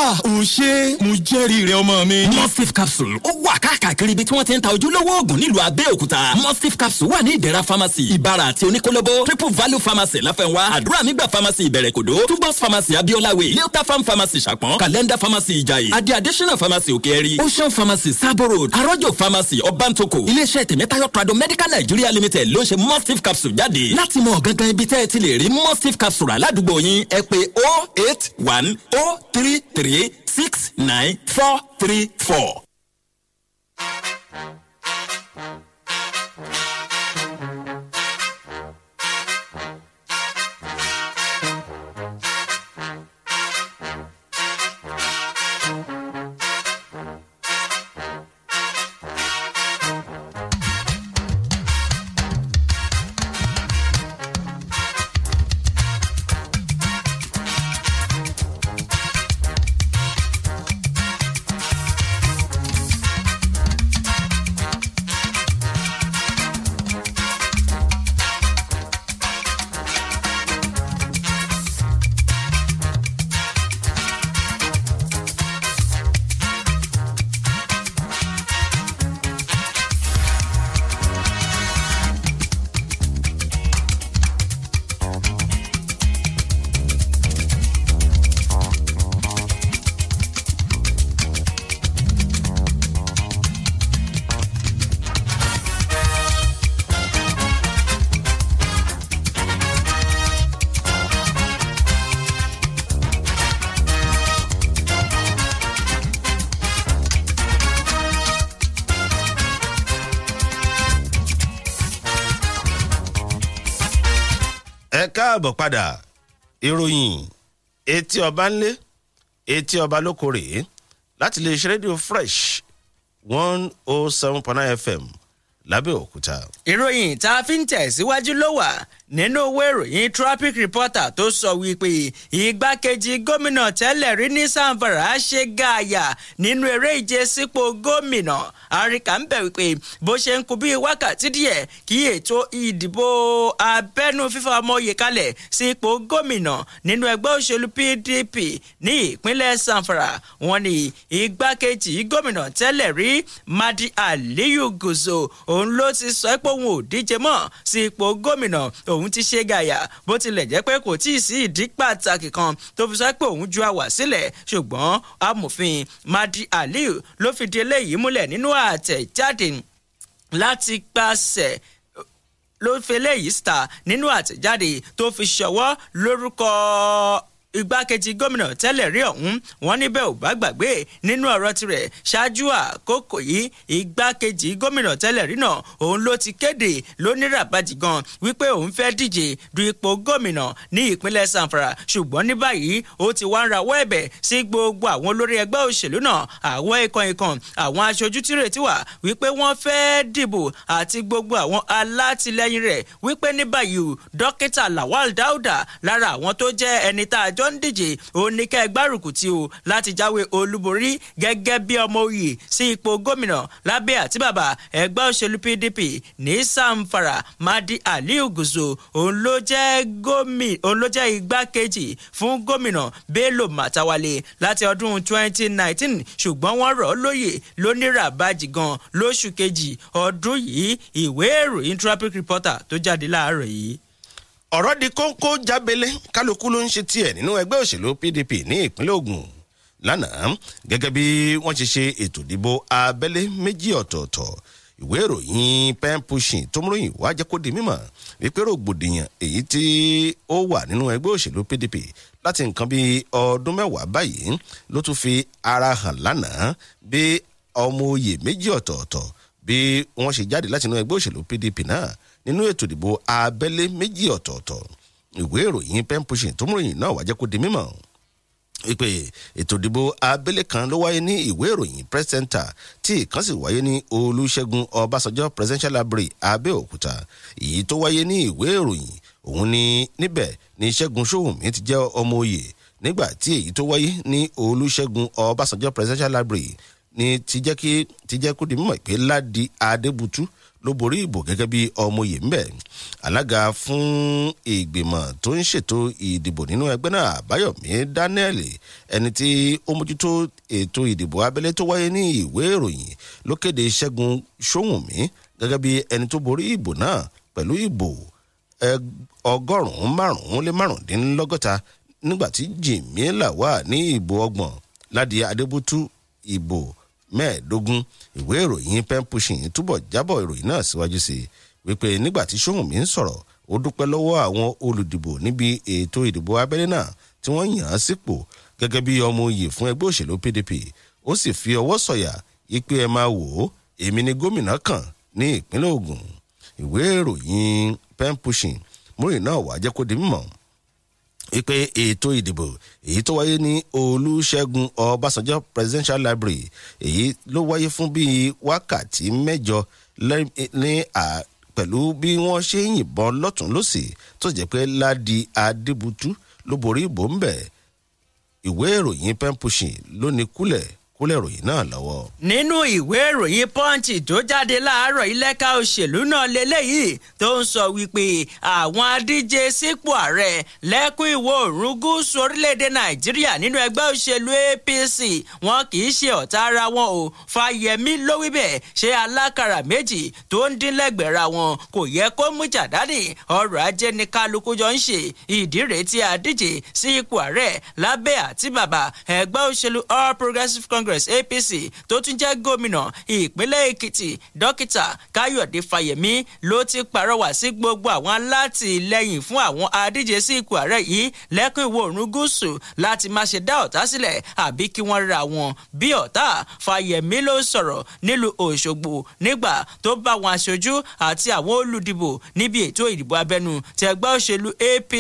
capsule ó wà káàkiri ibi tí wọ́n ti ń ta ojúlówó oògùn nílùú Abẹ́òkúta mustif capsule wà ní ìdẹ̀ra pharmacy ìbàrà àti oníkólóbó triple value pharmacy láfẹ́nwá àdúrà nígbà pharmacy Two box pharmacy abiolawe leota farm pharmacy ṣàpọ̀n calendar pharmacy ìjàyè adi additional pharmacy òkèèrè ocean pharmacy sabo road arọ́jọ pharmacy ọbántoko iléeṣẹ́ tèmítáyọ̀ prado medical nigeria limited ló ń ṣe mustif capsule jáde láti mọ gangan ibi tẹ́ ẹ ti lè rí mustif capsule aládùúgbò yín ẹ O oh eight one o oh three three six nine four three four. Bye. káàbọ̀ padà ìròyìn etí ọba ńlé etí ọba lóko rèé láti lè ṣe rédíò fresh one oh seven point nine fm lábẹ́òkúta. ìròyìn tá a fi ń tẹ̀ ló wà nínú ìwé ìròyìn traffic reporter tó sọ wípé igbákejì gómìnà tẹ́lẹ̀ rí ní sanfara ṣe gààyà nínú eré ìje sípò gómìnà àríkà ń bẹ̀ wípé bó ṣe ń kú bí wákàtí díẹ̀ kí ètò ìdìbò abẹ́nú fífa ọmọye kalẹ̀ sípò gómìnà nínú ẹgbẹ́ òṣèlú PDP ní ìpínlẹ̀ sanfara wọ́n ní igbákejì gómìnà tẹ́lẹ̀ rí Madi Aliyu Gozo òun ló ti sọ pé òun ò díje mọ́ sípò gómìnà òun ti ṣe gàyà bó tilẹ̀ jẹ́ pé kò tí ì sí ìdí pàtàkì kan tó fi sọ pé òun ju àwà sílẹ̀ ṣùgbọ́n amòfin Madi Aliu ló fìdí eléyìí múlẹ̀ nínú àtẹ̀jáde láti pàṣẹ ló fi eléyìí síta nínú àtẹ̀jáde tó fi ṣọwọ́ lórúkọ igbákejì gómìnà tẹ́lẹ̀ rí ọ̀hún wọn níbẹ̀ ò bá gbàgbé nínú ọ̀rọ̀ tirẹ̀ ṣáájú àkókò yìí igbákejì gómìnà tẹ́lẹ̀ rí náà òun ló ti kéde lóníràbàjì gan wípé òun fẹ́ díje du ipò gómìnà ní ìpínlẹ̀ sanfara ṣùgbọ́n ní báyìí ó ti wá ń rawọ́ ẹ̀bẹ̀ sí gbogbo àwọn olórí ẹgbẹ́ òṣèlú náà àwọn ikàn ikàn àwọn aṣojú tìrètí wà wípé wọ́n fẹ́ dìbò àti gbogbo àwọn alátìlẹyìn rẹ̀ wípé ní báyìí dókítà lawal dauda lára àwọn tó jẹ́ ẹni tá a jọ jọ ń díje òun ní kẹ́ ẹ gbárùkù tí o láti jáwé olúborí gẹ́gẹ́ bí ọmọ òye sí ipò gómìnà lábẹ́ àti bàbá ẹgbẹ́ òṣèlú pdp ní samfara madi aliu guzo òun ló jẹ́ igbákejì fún gómìnà bello matawale láti ọdún 2019 ṣùgbọ́n wọ́n rọ̀ ọ́ lóyè lóníràbájì gan lóṣù kejì ọdún yìí ìwé ìròyìn traffic reporter tó jáde láàárọ̀ yìí ọ̀rọ̀ di kóńkó jábélé kálukú ló ń ṣe tiẹ̀ nínú ẹgbẹ́ òṣèlú pdp ní ìpínlẹ̀ ogun lánàá gẹ́gẹ́ bí wọ́n ṣe ṣe ètò ìdìbò abẹ́lé méjì ọ̀tọ̀ọ̀tọ̀ ìwé ìròyìn pen pushing tó múròyìn wá jẹ́ kó di mímọ̀ wípé rògbòdìyàn èyí tí ó wà nínú ẹgbẹ́ òṣèlú pdp láti nǹkan bíi ọdún mẹ́wàá báyìí ló tún fi ara hàn lánàá bí ọmọ oyè méjì ọ̀tọ̀ọ̀tọ̀ bí wọ́n ṣe jáde látinú ẹgbẹ́ òṣèlú pdp náà nínú ètò ìdìbò abẹ́lé méjì ọ̀tọ̀ọ̀tọ̀ ìwé ìròyìn pen pushing tó múròyìn náà wájẹ́ kó di mímọ́ ìpè ètò ìdìbò abẹ́lé kan ló wáyé ní ìwé ìròyìn press center tí ìkan sì wáyé ní olùṣègùn ọbásanjọ́ presidential library abẹ́òkúta èyí tó wáyé ní ìwé ìròyìn òun ni níbẹ̀ ni ṣẹ́gun ṣóhùnmí ti jẹ́ ọmọ oyè nígbà tí èyí tó wáyé ní olùṣègùn ọbásanjọ́ presidential library ni ti jẹ́ kí ti jẹ́ kó di mímọ̀ pé ládi adébútú ló borí ìbò gẹ́gẹ́ bí ọmọye ńbẹ alága fún ìgbìmọ̀ tó ń ṣètò ìdìbò nínú ẹgbẹ́ náà báyọ̀mí daniel ẹni tí ó mójútó ètò ìdìbò abẹ́lé tó wáyé ní ìwé ìròyìn ló kéde ṣẹ́gun ṣóhùnmí gẹ́gẹ́ bí ẹni tó borí ìbò náà pẹ̀lú ìbò ọgọ́rùn-ún márùn-ún lé márùndínlọ́gọ́ta nígbàtí jimmy lawal ní ìbò ọgbọ̀n ládìí adébútú ìbò mẹ́ẹ̀ẹ́dógún ìwé ìròyìn pen pushing túbọ̀ jábọ̀ ìròyìn náà síwájú sí i wípé nígbà tí Ṣóhùnmí ń sọ̀rọ̀ ó dúpẹ́ lọ́wọ́ àwọn olùdìbò níbi ètò ìdìbò abẹ́lé náà tí wọ́n yàn án sípò gẹ́gẹ́ bí ọmọ oyè fún ẹgbẹ́ òṣèlú PDP ó sì fi ọwọ́ sọ̀yà ipe ẹ máa wò ó èmi ni gómìnà kàn ní ìpínlẹ̀ Ògùn ìwé ìròyìn pen pushing náà wàá jẹ́ kó di mímọ̀ wípé ètò ìdìbò èyí tó wáyé ní olùṣègùn ọbásanjọ́ presidential library èyí ló wáyé fún bíi wákàtí mẹ́jọ ní pẹ̀lú bí wọ́n ṣe ń yìnbọn lọ́tún lọ́sì tó jẹ́ pé ládi adébútú ló borí ìbò ń bẹ̀ ìwé ìròyìn pen pushing ló ní kúlẹ̀ kólẹ̀ ìròyìn náà lọ́wọ́. nínú ìwé ìròyìn pọ́ǹchì tó jáde láàárọ̀ ilẹ̀ka òṣèlú náà lélẹ́yìí tó ń sọ wípé àwọn adíje sípò ààrẹ lẹ́kùn ìwọ̀ oòrùn gúúsù orílẹ̀-èdè nàìjíríà nínú ẹgbẹ́ òṣèlú apc wọn kì í ṣe ọ̀tá ara wọn o fáyemí ló wí bẹ́ẹ̀ ṣe alákàrà méjì tó ń dín lẹ́gbẹ̀ẹ́ra wọn kò yẹ kó mú jàdánì ọrọ̀ ajé ni kálukú jọ ń ṣe ìdí rèé tí adíje sí ààrẹ lábẹ́ àti bàbá ẹgbẹ́ òṣèlú all progressives congress apc tó tún jẹ́ gómìnà ìpínlẹ̀ èkìtì dókítà káyọ̀dé fáyẹ̀mí ló ti pàrọwà sí gbogbo àwọn alátìlẹyìn fún àwọn adíje sí ipò ààrẹ yìí lẹ́kùn ìwọ̀ oòrùn gúúsù láti má ṣe dá ọ̀tá sílẹ̀ àbí kí wọ́n ra wọn bí ọ̀tá fáyẹ̀mí ló sọ̀rọ̀ nílùú òṣogbo nígbà tó bá wọn aṣojú àti àwọn olùdìbò níbi ètò ìdìbò abẹ́nú tẹgbẹ́ òṣèlú apc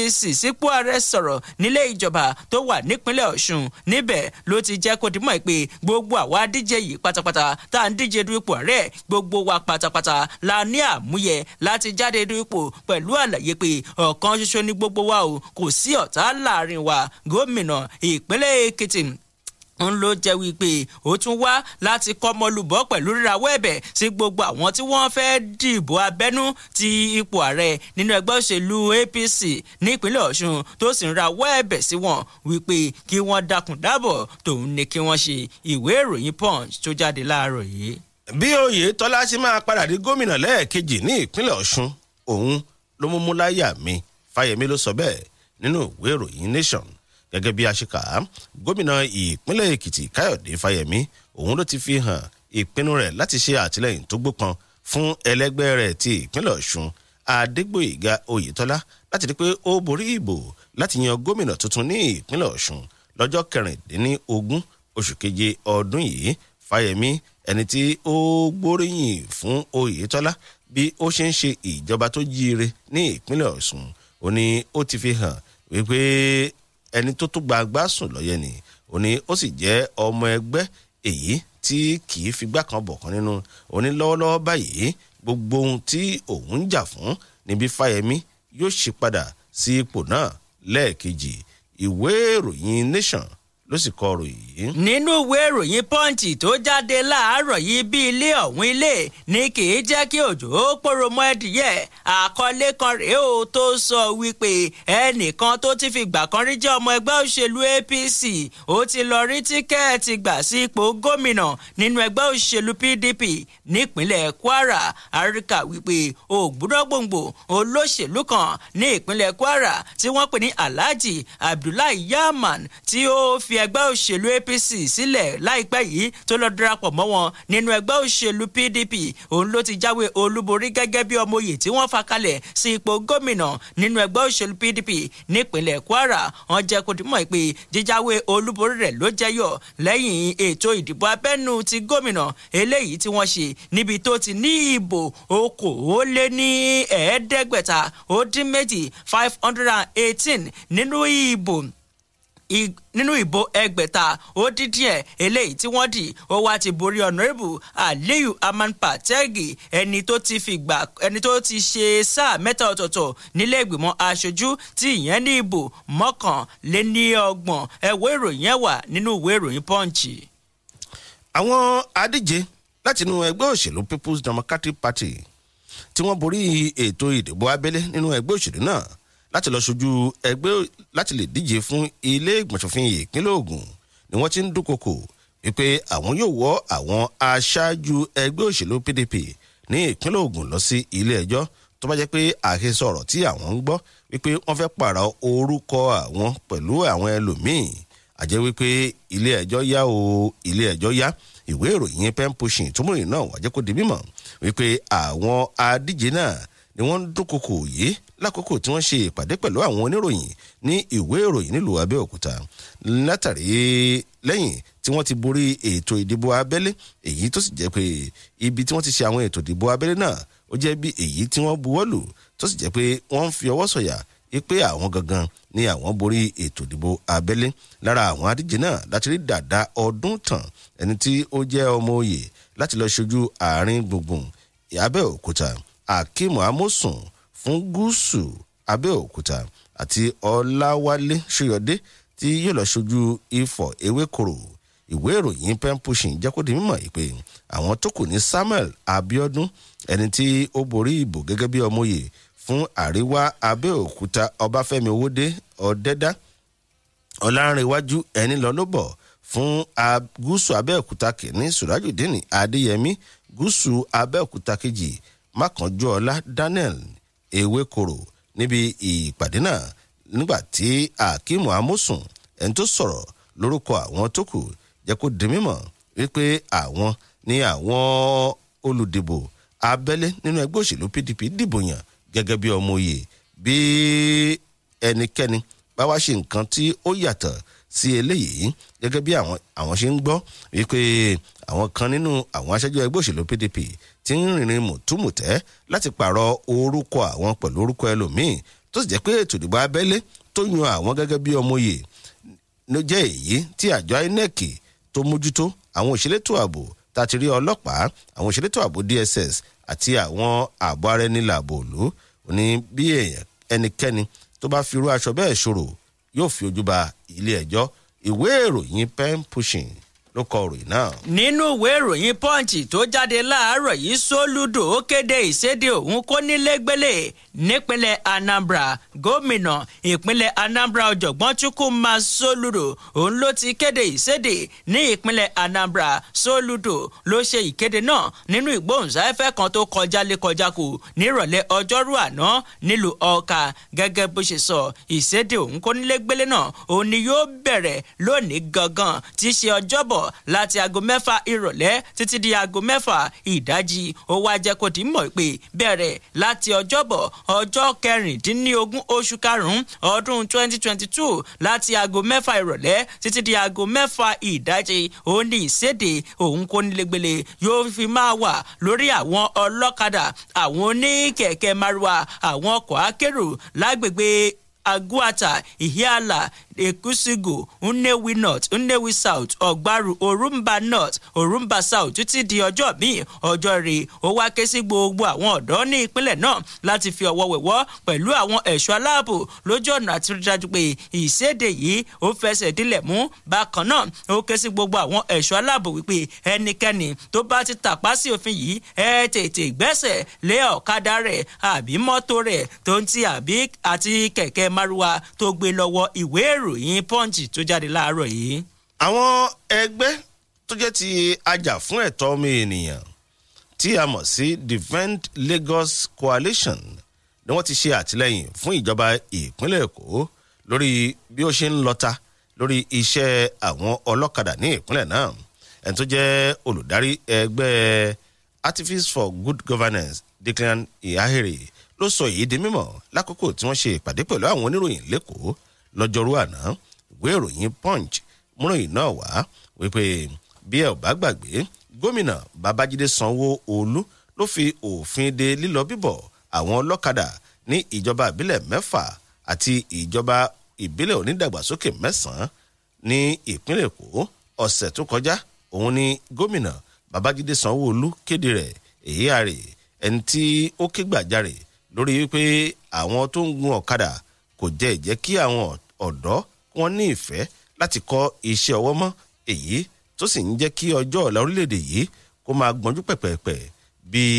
sípò ààrẹ sọ̀rọ̀ nílé ìjọba tó wà nípínlẹ̀ ọ̀ṣun níbẹ̀ ló ti jẹ́ kó dimọ̀ pé gbogbo àwa díje yìí pátápátá tá à ń díje du ipò ààrẹ gbogbo wa pátápátá la ní àmúyẹ láti jáde du ipò pẹ̀lú àlàyé pé ọ̀kan ṣoṣo ni gbogbo wa o kò sí ọ̀tá láàrin wa gómìnà ìpínlẹ̀ Èkìtì ń ló jẹ́ wípé ó tún wá láti kọ́mọlùbọ́ pẹ̀lú rírawọ́ ẹ̀bẹ̀ sí gbogbo àwọn tí wọ́n fẹ́ dìbò abẹ́nú ti ipò ààrẹ nínú ẹgbẹ́ òṣèlú APC nípínlẹ̀ Ọ̀ṣun tó sì ń rawọ́ ẹ̀bẹ̀ sí wọn wípé kí wọ́n dákun dábọ̀ tòun ni kí wọ́n ṣe ìwé ìròyìn Punch tó jáde láàárọ̀ yìí. bí Oyètọ́lá ṣe máa padà di gómìnà lẹ́ẹ̀kejì ní ìpínlẹ̀ Ọ̀ṣun òun ló mú mú láyà mi Fáyẹmí ló sọ bẹ́ẹ̀ nínú ìwé ìròyìn Nation gẹ́gẹ́ bí aṣíkà gómìnà ìpínlẹ̀ èkìtì káyọ̀dé fáyẹ̀mí òun ló ti fi hàn ìpinnu rẹ̀ láti ṣe àtìlẹ́yìn tó gbópọn fún ẹlẹ́gbẹ́ rẹ̀ ti ìpínlẹ̀ ọ̀ṣun adégbòyìgá oyètọ́lá láti rí pé ó borí ìbò láti yan gómìnà tuntun ní ìpínlẹ̀ ọ̀ṣun lọ́jọ́ kẹrìndínlógún oṣù keje ọdún yìí fáyẹ̀mí ẹni tí ó gbóríyìn fún oyètọ́lá bí ó ṣe ń ṣe ìjọba tó jíire ní ìpínlẹ̀ ọ̀ṣun ó ní ó ti fi hàn wípé ẹni tó tó gbàgbà sùn lọ́yẹ̀ ni ó ní ó sì jẹ́ ọmọ ẹgbẹ́ èyí tí kì í figbá kan bọ̀kan nínú ó ní lọ́wọ́lọ́wọ́ báyìí gbogbo ohun tí òun jà fún níbi Fáyẹmí yóò ṣe padà sí ipò náà lẹ́ẹ̀kejì ìwé ìròyìn Nation ló sì kọ ọ̀rọ̀ yìí. nínú ìwé ìròyìn pọ́ǹtì tó jáde láàárọ̀ yìí bí ilé ọ̀hún ilé ni kì í jẹ́ kí òjò ó pòrò mọ́ ẹdìyẹ àkọlé kan rèé o tó sọ wípé ẹnìkan tó ti fi gbà kan rí jẹ́ ọmọ ẹgbẹ́ òṣèlú APC ó ti lọ rí tíkẹ́ẹ̀tì gbà sí ipò gómìnà nínú ẹgbẹ́ òṣèlú PDP nípínlẹ̀ Kwara àríkà wípé ògbúdọ́gbòǹgbò olóṣèlú kan ní ìpínlẹ̀ Kwara tí wọ́n pè ní Alhaji Abdullahi Yaman tí ó fi ẹgbẹ́ òṣèlú APC sílẹ̀ láìpẹ́ yìí tó lọ darapọ̀ mọ́ wọn nínú ẹgbẹ́ òṣèlú PDP òun ló ti jáwé olúborí gẹ́gẹ́ bí ọmọ oyè tí wọ́n fa sí ipò gómìnà nínú ẹgbẹ́ òṣèlú PDP nípínlẹ̀ Kwara wọ́n jẹ́ kó dimọ̀ pé jíjáwé olúborí rẹ̀ ló jẹyọ lẹ́yìn ètò ìdìbò abẹ́nú ti gómìnà eléyìí tí wọ́n ṣe níbi tó ti ní ìbò okòólé-ní ó dín méjì five hundred and eighteen nínú ìbò nínú ìbò ẹgbẹ̀ta ó dín díẹ̀ eléyìí tí wọ́n dì ó wá ti borí ọ̀nàrẹ́bù aliyu aman pategi ẹni tó ti fìgbà ẹni tó ti ṣe sáà mẹ́ta ọ̀tọ̀ọ̀tọ̀ nílé ìgbìmọ̀ aṣojú tí ìyẹn ní ìbò mọ́kànléníọgbọ̀n ẹ̀wọ́ ìròyìn ẹ̀wà nínú ìwé ìròyìn pọ́ǹchì. àwọn adíje látinú ẹgbẹ́ òṣèlú people's democratic party tí wọ́n borí ètò ìdìbò abẹ́lé nínú ẹgbẹ́ òṣèlú náà láti lọ ṣojú ẹgbẹ́ láti lè díje fún ilé ìgbọ̀nsọ̀fin ìpínlẹ̀ Ògùn ni wọ́n ti ń dúnkokò wípé àwọn yóò wọ́ àwọn aṣáájú ẹgbẹ́ òṣèlú PDP ní ìpínlẹ̀ Ògùn lọ sí ilé ẹjọ́ tó bá jẹ́ pé àhesọ ọ̀rọ̀ tí àwọn ń gbọ́ wípé wọ́n fẹ́ pààrọ̀ orúkọ àwọn pẹ̀lú àwọn ẹlòmíín àjẹ́ wípé ilé ẹjọ́ yá o ilé ẹjọ́ yá ìwé ìròyìn pen pushing túmùrìn náà wàjẹ́ kó di mímọ̀ wípé àwọn adíje náà ni wọ́n ń dúnkokò yìí lákòókò tí wọ́n ṣe ìpàdé pẹ̀lú àwọn oníròyìn ní ìwé ìròyìn nílùú Abẹ́òkúta látàrí lẹ́yìn tí wọ́n ti borí ètò ìdìbò abẹ́lé èyí tó sì jẹ́ pé ibi tí wọ́n ti ṣe àwọn ètò ìdìbò abẹ́lé náà ó jẹ́ bí èyí tí wọ́n buwọ́lù tó sì jẹ́ pé wọ́n ń fi ọwọ́ sọ̀yà pé àwọn gangan ni àwọn borí ètò ìdìbò abẹ́lé lára àwọn adíje náà láti rí Dàda Ọdúntàn ẹni tí ó jẹ́ ọmọ oyè láti lọ ṣojú àárín gbùngbùn Abẹ́òkúta akeem amosun fún gúúsù abẹ́òkúta àti ọláwálé ṣèyọdé tí yóò lọ ṣojú ifọ̀ ewékorò ìwé ìròyìn pen pushing jẹ́ kó di mímọ̀ ìpè àwọn tó kù ní samuel abiodun ẹni tí ó borí ìbò gẹ́gẹ́ bí ọmọye fún àríwá abẹ́òkúta ọbáfẹ́mi owóde ọ̀dẹ́dá ọ̀làǹrẹ̀wájú ẹni lọ ló bọ̀ fún gúúsù abẹ́òkúta kìíní surajudeen adéyẹmí gúúsù abẹ́òkúta kejì mákànjúọlá daniel ewékorò níbi ìpàdé náà nígbà tí akeem amosun ẹni tó sọ̀rọ̀ lórúkọ àwọn tó kù jẹ́ kó di mímọ̀ wípé àwọn ni àwọn olùdìbò abẹ́lé nínú ẹgbẹ́ òṣèlú pdp dìbò yàn gẹ́gẹ́ bí ọmọ òye bí ẹnikẹ́ni bá wá ṣe nǹkan tí ó yàtọ̀ sí eléyìí gẹ́gẹ́ bí àwọn ṣe ń gbọ́ wípé àwọn kan nínú àwọn aṣáájú ẹgbẹ́ òṣèlú pdp ti ń rìnrìn mùtúmùtẹ́ láti pààrọ̀ orúkọ àwọn pẹ̀lú orúkọ ẹlòmíì tó sì jẹ́ pé ètò ìdìbò abẹ́lé tó yan àwọn gẹ́gẹ́ bí ọmọ òye ló jẹ́ èyí tí àjọ INEC tó mójútó àwọn òṣèlétò ààbò tá ọlọ́pàá àwọn òṣèlétò ààbò DSS àti àwọn ààbò ara ẹni làbò òlú òní bí ẹnikẹ́ni tó bá fi irú aṣọ bẹ́ẹ̀ ṣòro yóò fi ojú ba ilé ẹjọ́ ìwé ìròyìn pen pushing ló kọ ìròyìn náà. nínú ìwé ìròyìn pọ́ǹchì tó jáde láàárọ̀ yìí sólùdò ó kéde ìséde òun kó nílégbélé nípínlẹ̀ anambra gómìnà ìpínlẹ̀ anambra ọ̀jọ̀gbọ́n chukwuma sólùdò òun ló ti kéde ìséde ní ìpínlẹ̀ anambra sólùdò ló ṣe ìkéde náà nínú ìgbóhùnsáfẹ́fẹ́ kan tó kọjá lé kọjá kù nírọ̀lẹ́ ọjọ́rú àná nílùú ọkà gẹ́gẹ́ bó ṣe sọ ìséde òun kó nílégbélé náà òun ni yóò bẹ̀rẹ̀ náà láti aago mẹ́fà ìrọ̀lẹ́ títí di aago mẹ́fà ìdájí ó wá jẹ́ kó ti mọ̀ pé bẹ̀rẹ̀ láti ọjọ́bọ̀ ọjọ́ kẹrìndínlógún oṣù karùn-ún ọdún 2022. twenty two láti aago mẹ́fà ìrọ̀lẹ́ títí di aago mẹ́fà ìdájí ó ní ìséde òun kò nílégbélé yóò fi máa wà lórí àwọn ọlọ́kadà àwọn oníkẹ̀kẹ́ márùwà àwọn ọkọ̀ akérò lágbègbè aguata ìhíàlà ekusigu nnewi north nnewi south ọ̀gbárù orumba north orumba south títí di ọjọ́ míì ọjọ́ rèé ó wá ké sí gbogbo àwọn ọ̀dọ́ ní ìpínlẹ̀ náà láti fi ọwọ́ wẹ̀wọ́ pẹ̀lú àwọn ẹ̀ṣọ́ aláàbò lójú ọ̀nà àti dájú pé ìséde yìí ó fẹsẹ̀ dílẹ̀ mú bákan náà ó ké sí gbogbo àwọn ẹ̀ṣọ́ aláàbò wípé ẹnikẹ́ni tó bá ti tàpá sí òfin yìí ẹ tètè gbẹ́sẹ̀ lé ọ̀kadà rẹ̀ àbí mọ́tò rẹ̀ tó ń ti àbí àti kẹ̀kẹ́ márúwa tó gbé lọ́wọ́ ìwé èrò ìròyìn punch tó jáde láàárọ̀ yìí. àwọn ẹgbẹ́ tó jẹ́ ti ajàfún ọmọ ènìyàn tí a mọ̀ sí defend lagos coalition ni wọ́n ti ṣe àtìlẹ́yìn fún ìjọba ìpínlẹ̀ èkó lórí bí ó ṣe ń lọ́ta lórí iṣẹ́ àwọn ọlọ́kadà ní ìpínlẹ̀ náà ẹni tó jẹ́ olùdarí ẹgbẹ́ activists for good governance declan ihahere ló sọ èyí di mímọ̀ lákòókò tí wọ́n ṣe ìpàdé pẹ̀lú àwọn oníròyìn lẹ́kọ̀ọ́ lọ́jọ́rú àná ìwé ìròyìn punch múròyìn náà wá wípé bí ẹ ò bá gbàgbé gómìnà babájídé sanwó-olu ló fi òfin de lílọ bíbọ̀ àwọn ọlọ́kadà ní ìjọba ìbílẹ̀ mẹ́fà àti ìjọba ìbílẹ̀ onídàgbàsókè mẹ́sàn-án ní ìpínlẹ̀ èkó ọ̀sẹ̀ tó kọjá òun ni gómìnà babájídé sanwó-olu kéde rẹ̀ èyí àrè ẹni tí ó ké gbàjarè lórí wípé àwọn tó ń gun ọ̀kadà kò jẹ́ ìjẹ́ kí àwọn ọ̀dọ́ kí wọ́n ní ìfẹ́ láti kọ́ iṣẹ́ ọwọ́ mọ́ èyí tó sì ń jẹ́ kí ọjọ́ ọ̀la orílẹ̀-èdè yìí kó máa gbọ́njú pẹ̀pẹ̀pẹ̀ bíi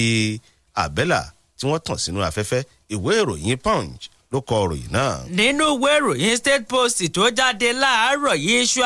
àbẹ́là tí wọ́n tàn sínú afẹ́fẹ́ ìwé ìròyìn punch ló kọ ìròyìn náà. nínú ìwé ìròyìn state post tó jáde láàárọ̀ yìí iṣu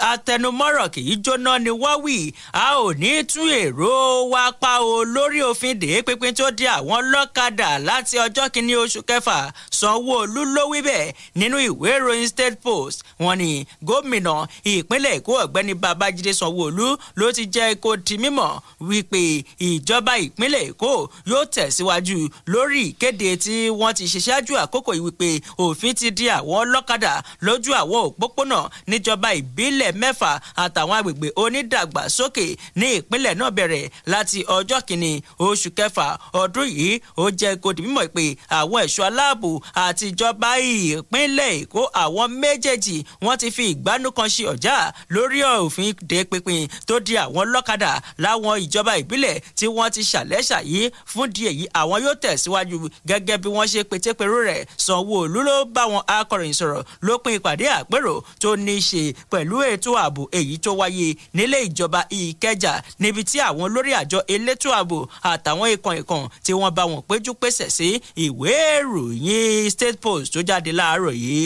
atẹnumọ́rọ̀ kì í jóná ni wọ́n wì a ò ní tún èrò wa pa o lórí òfin dè é pínpín tó di àwọn lọ́kadà láti ọjọ́ kìíní oṣù kẹfà sanwó-olú bẹ́ẹ̀ nínú ìwé ìròyìn state post wọ́n ní gómìnà ìpínlẹ̀ èkó ọ̀gbẹ́ni babájídé sanwó-olú ló ti jẹ́ kó di mímọ̀ wípé ìjọba ìpínlẹ̀ èkó yóò tẹ̀síwájú lórí ìkéde tí wọ́n ti ṣiṣẹ́ ṣáájú àkókò yìí wípé òfin ti di àwọn ọlọ́kadà lójú àwọn òpópónà níjọba ìbílẹ̀ mẹ́fà àtàwọn agbègbè onídàgbàsókè ní ìpínlẹ̀ náà bẹ̀rẹ̀ láti ọjọ́ kìíní oṣù kẹfà ọdún yìí ó jẹ́ kó di mímọ̀ pé àwọn ẹ̀ṣọ́ aláàbò àti ìjọba ìpínlẹ̀ èkó àwọn méjèèjì wọ́n ti fi ìgbánú kan ṣe ọ̀já lórí òfin dé pínpín tó di àwọn ọlọ́kadà láwọn ìjọba ìbílẹ̀ tí wọ́n ti ṣàlẹ́ṣà yìí fún di èyí àwọn yóò tẹ̀síwájú gẹ́gẹ́ bí wọ́n ṣe petépe pẹ̀lú rẹ̀ sanwó-olú ló bá wọn akọ̀ròyìn sọ̀rọ̀ lópin ìpàdé àpérò tó ní í ṣe pẹ̀lú ètò ààbò èyí tó wáyé nílé ìjọba ìkẹjà níbi tí àwọn olórí àjọ elétò ààbò àtàwọn ikàn ikàn tí wọ́n bá wọn péjú pèsè sí ìwé ìròyìn State Post tó jáde láàárọ̀ yìí.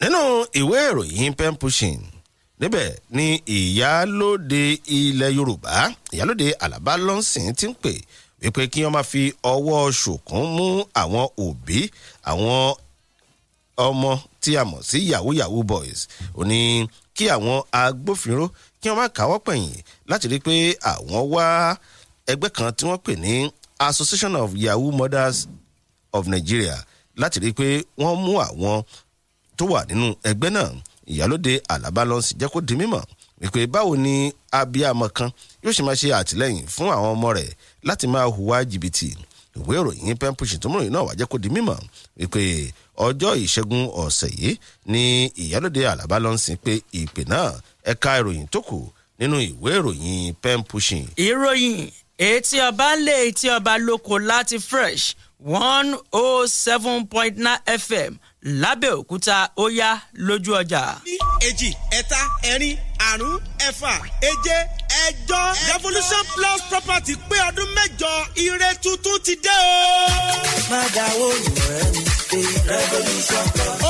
nínú ìwé ìròyìn pen pushing níbẹ̀ ni ìyálóde ilẹ̀ Yorùbá ìyálóde Àlàbá lọ́nsìn ti ń pè wípé kí wọ́n máa fi ọwọ́ ṣòkun mú àwọn òbí àwọn ọmọ tí a mọ̀ sí yahoo yahoo boys ò ní kí àwọn agbófinró kí wọ́n máa káwọ́ pẹ̀yìn láti rí i pé àwọn wá ẹgbẹ́ kan tí wọ́n pè ní association of yahoo mothers of nigeria láti rí i pé wọ́n mú àwọn tó wà nínú ẹgbẹ́ náà ìyálóde alábálọ́nsì jẹ́ kó di mímọ̀ wípé báwo ni abiyamọ kan yóò sì máa ṣe àtìlẹ́yìn fún àwọn ọmọ rẹ̀ láti máa hùwà jìbìtì ìwé ìròyìn pen push tó múròyìn náà wá jẹ́ kó di mímọ̀ wípé ọjọ́ ìṣẹ́gun ọ̀sẹ̀ yìí ni ìyálòde àlàbá ló ń sin pé ìpè náà ẹ̀ka ìròyìn tó kù nínú ìwé ìròyìn pen ìròyìn etí ọba lé etí ọba lóko láti fresh one oh seven point nine fm lábẹ́òkúta ó yá lójú ọjà. ní èjì ẹ̀ta ẹ̀rin àrún ẹ̀fà èje ẹ̀jọ revolution plus property pé ọdún mẹ́jọ ire tuntun ti dé o. má dáwọ́ ìwọ̀n ẹni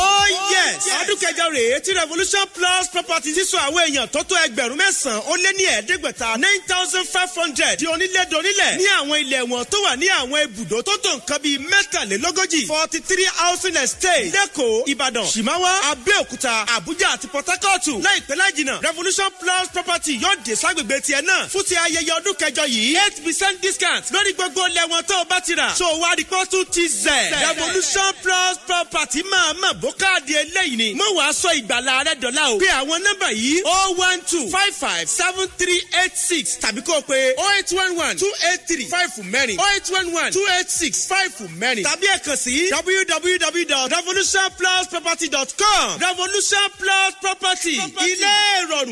oh yes ọdún kẹjọ rèé tí revolution plus property sísọ àwọn èèyàn tó tó ẹgbẹ̀rún mẹ́sàn-án ó lé ní ẹ̀ẹ́dẹ́gbẹ̀ta nine thousand five hundred di onílẹ̀dọ́nílẹ̀ ní àwọn ilẹ̀ wọn tó wà ní àwọn ibùdó tó tó nǹkan bíi mẹ́tàlélógójì forty three housing estate lẹ́kọ̀ọ́ ìbàdàn ṣìmáwá abẹ́òkúta àbújá àti port harcourt láìpẹ́ láìjìnà revolution revolution plus property yóò dé ságbègbè tiẹ̀ náà fún ti ayẹyẹ ọdún kẹjọ yìí eight percent discount lórí gbogbo lẹ́wọ̀n tó o bá ti rà so wá rí pọ́tù ti zẹ̀ revolution plus property máa mọ̀ bó káàdì eléyìí ni mo wàá sọ ìgbàlá rẹ dọ́là o pé àwọn nọ́mbà yìí o oh one two five five seven three eight six tàbí kó o pe o oh eight one one two eight three five fún mẹ́rin o oh eight one one two eight six five fún mẹ́rin tàbí ẹ̀kan sí www.revolutionplusproperty.com revolution plus property ilé ìrọ̀rùn.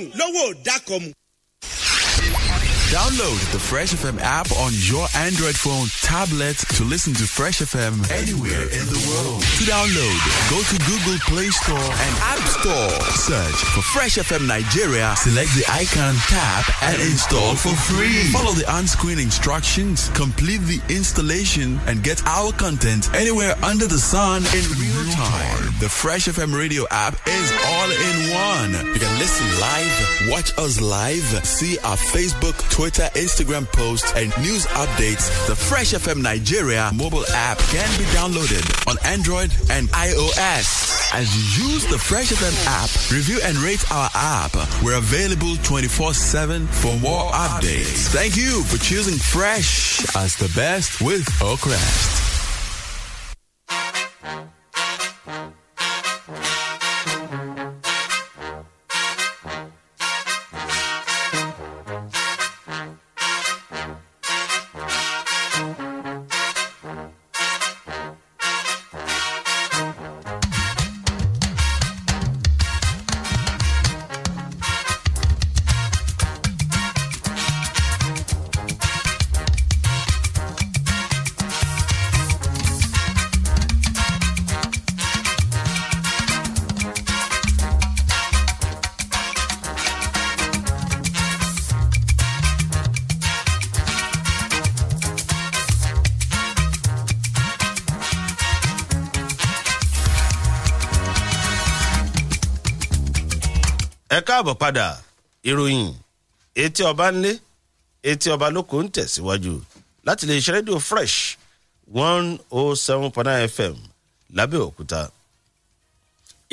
Download the Fresh FM app on your Android phone, tablet to listen to Fresh FM anywhere in the world download, go to Google Play Store and App Store. Search for Fresh FM Nigeria. Select the icon, tap, and install for free. Follow the on-screen instructions, complete the installation, and get our content anywhere under the sun in real time. The Fresh FM radio app is all in one. You can listen live, watch us live, see our Facebook, Twitter, Instagram posts, and news updates. The Fresh FM Nigeria mobile app can be downloaded on Android, and iOS. As you use the Fresh FM app, review and rate our app. We're available 24 7 for more updates. Thank you for choosing Fresh as the best with Oakrest. káàbọ̀ padà ìròyìn etí ọba ńlé etí ọba lóko ń tẹ̀síwájú láti lè ṣe rédíò fresh one oh seven point nine fm lábẹ́òkúta.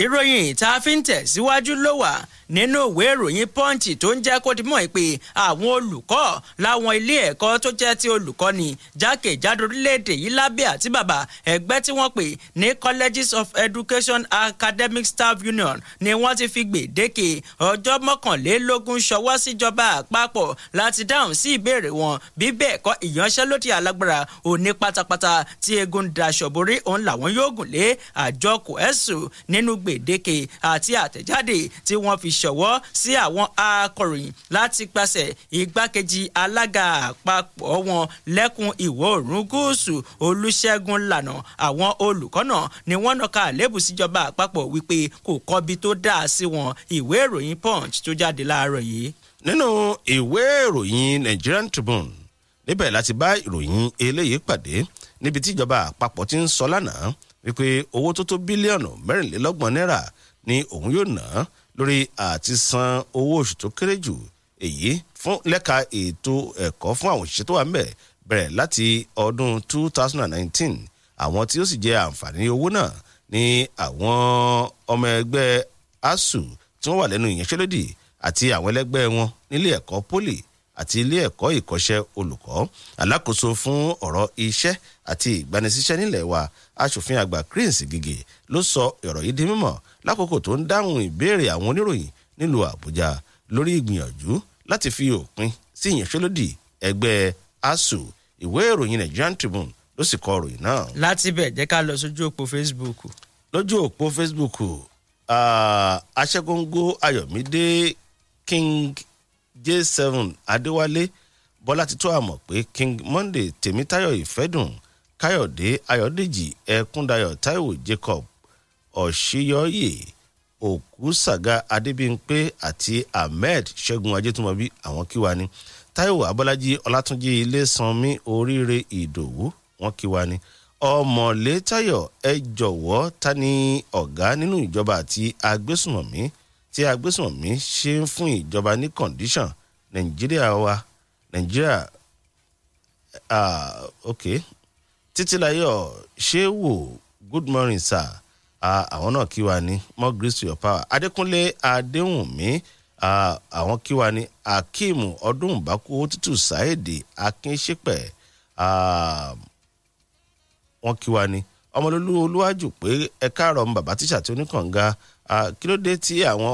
ìròyìn tá a fi ń tẹ̀síwájú ló wà nínú ìwé ìròyìn punch tó ń jẹ́ kó di mọ̀ pé àwọn olùkọ́ láwọn ilé ẹ̀kọ́ tó jẹ́ ti olùkọ́ni jákèjádò orílẹ̀-èdè yìí lábẹ́ àti bàbá ẹgbẹ́ tí wọ́n pè ní colleges of education academic staff union ni wọ́n ti fi gbèdéke ọjọ́ mọ́kànlélógún ṣọwọ́ síjọba àpapọ̀ láti dáhùn sí ìbéèrè wọn bí bẹ́ẹ̀ kọ́ ìyanṣẹ́lódì alágbára òní pátápátá tí egun daṣọ borí òun làwọn yóò gùn lé àjọ kòẹ́sù nínú gbèdéke àti àtẹ̀jáde tí wọ́n fi ìṣọ̀wọ́ sí àwọn akọ̀ròyìn láti pàṣẹ igbákejì alága àpapọ̀ wọn lẹ́kùn ìwọ̀ oòrùn gúúsù olùṣègùn lànà àwọn olùkọ́ náà ni wọ́n nàka àlébù síjọba àpapọ̀ wípé kò kọ́bi tó dáa sí wọn ìwé ìròyìn punch tó jáde láàárọ̀ yìí. nínú ìwé ìròyìn Nigerian Tribune níbẹ̀ láti bá ìròyìn eléyìí pàdé níbi tí ìjọba àpapọ̀ ti ń sọ lánàá wípé owó tó tó bílíọ̀nù mẹ́rìnlélọ́gbọ̀n náírà ni òun yóò ná lórí àti san owó oṣù tó kéré jù èyí fún lẹ́ka ètò ẹ̀kọ́ fún àwọn òṣìṣẹ́ tó wà ń bẹ̀rẹ̀ láti ọdún 2019 àwọn tí ó sì jẹ àǹfààní owó náà ni àwọn ọmọ ẹgbẹ́ asuu tí wọ́n wà lẹ́nu ìyanṣẹ́lódì àti àwọn ẹlẹ́gbẹ́ wọn nílé ẹ̀kọ́ poli àti ilé ẹ̀kọ́ ìkọ́ṣẹ́ olùkọ́ alákòóso fún ọ̀rọ̀ iṣẹ́ àti ìgbanisíṣẹ́ nílẹ̀ wa aṣòfin àgbà Chris gigi, ló sọ ọ̀rọ̀ yìí di mímọ̀ lákòókò tó ń dáhùn ìbéèrè àwọn oníròyìn nílùú àbújá lórí ìgbìyànjú láti fi òpin sí ìyanṣẹ́lódì ẹgbẹ́ asuu ìwé ìròyìn nigerian tribune ló sì kọ ròyìn náà. láti bẹ̀ jẹ́ ká lọ sójú òpó facebook. lójú òpó facebook aṣẹ́góńgó ayọ̀mídé king j7 adéwálé bọ́lá ti tó àmọ̀ pé king monday tèmítáyọ̀ ìfẹ́dùn káyọ̀dé ayọ̀dèjì ẹ̀kúndayọ̀ taiwo jacob ọ̀ṣíyọ́yè òkúsàgà adébímpé àti ahmed ṣẹ́gun ajẹ́tùmọ̀bí àwọn kí wa ni táíwò abọ́lájí ọlátúnjì ilésanmi oríire ìdòwú wọn kí wa ni ọmọlétayọ ẹ jọ̀wọ́ ta ni ọ̀gá nínú ìjọba àti agbésùmọ̀mí tí agbésùmọ̀mí ṣe ń fún ìjọba ní kọ̀ǹdíṣàn nàìjíríà wa nàìjíríà ah, ok títílayọ̀ ṣé wò good morning sir àwọn náà kí wa ní more grace to your power adékúnlé adéhùnmí àwọn kí wa ní akeem ọdúnbàkú òtítù sáyédè akínṣepẹ wọn kí wa ní ọmọlólú olúwájú pé ẹ káàárọ̀ bàbá tíṣà tí oníkànga kí ló dé tí àwọn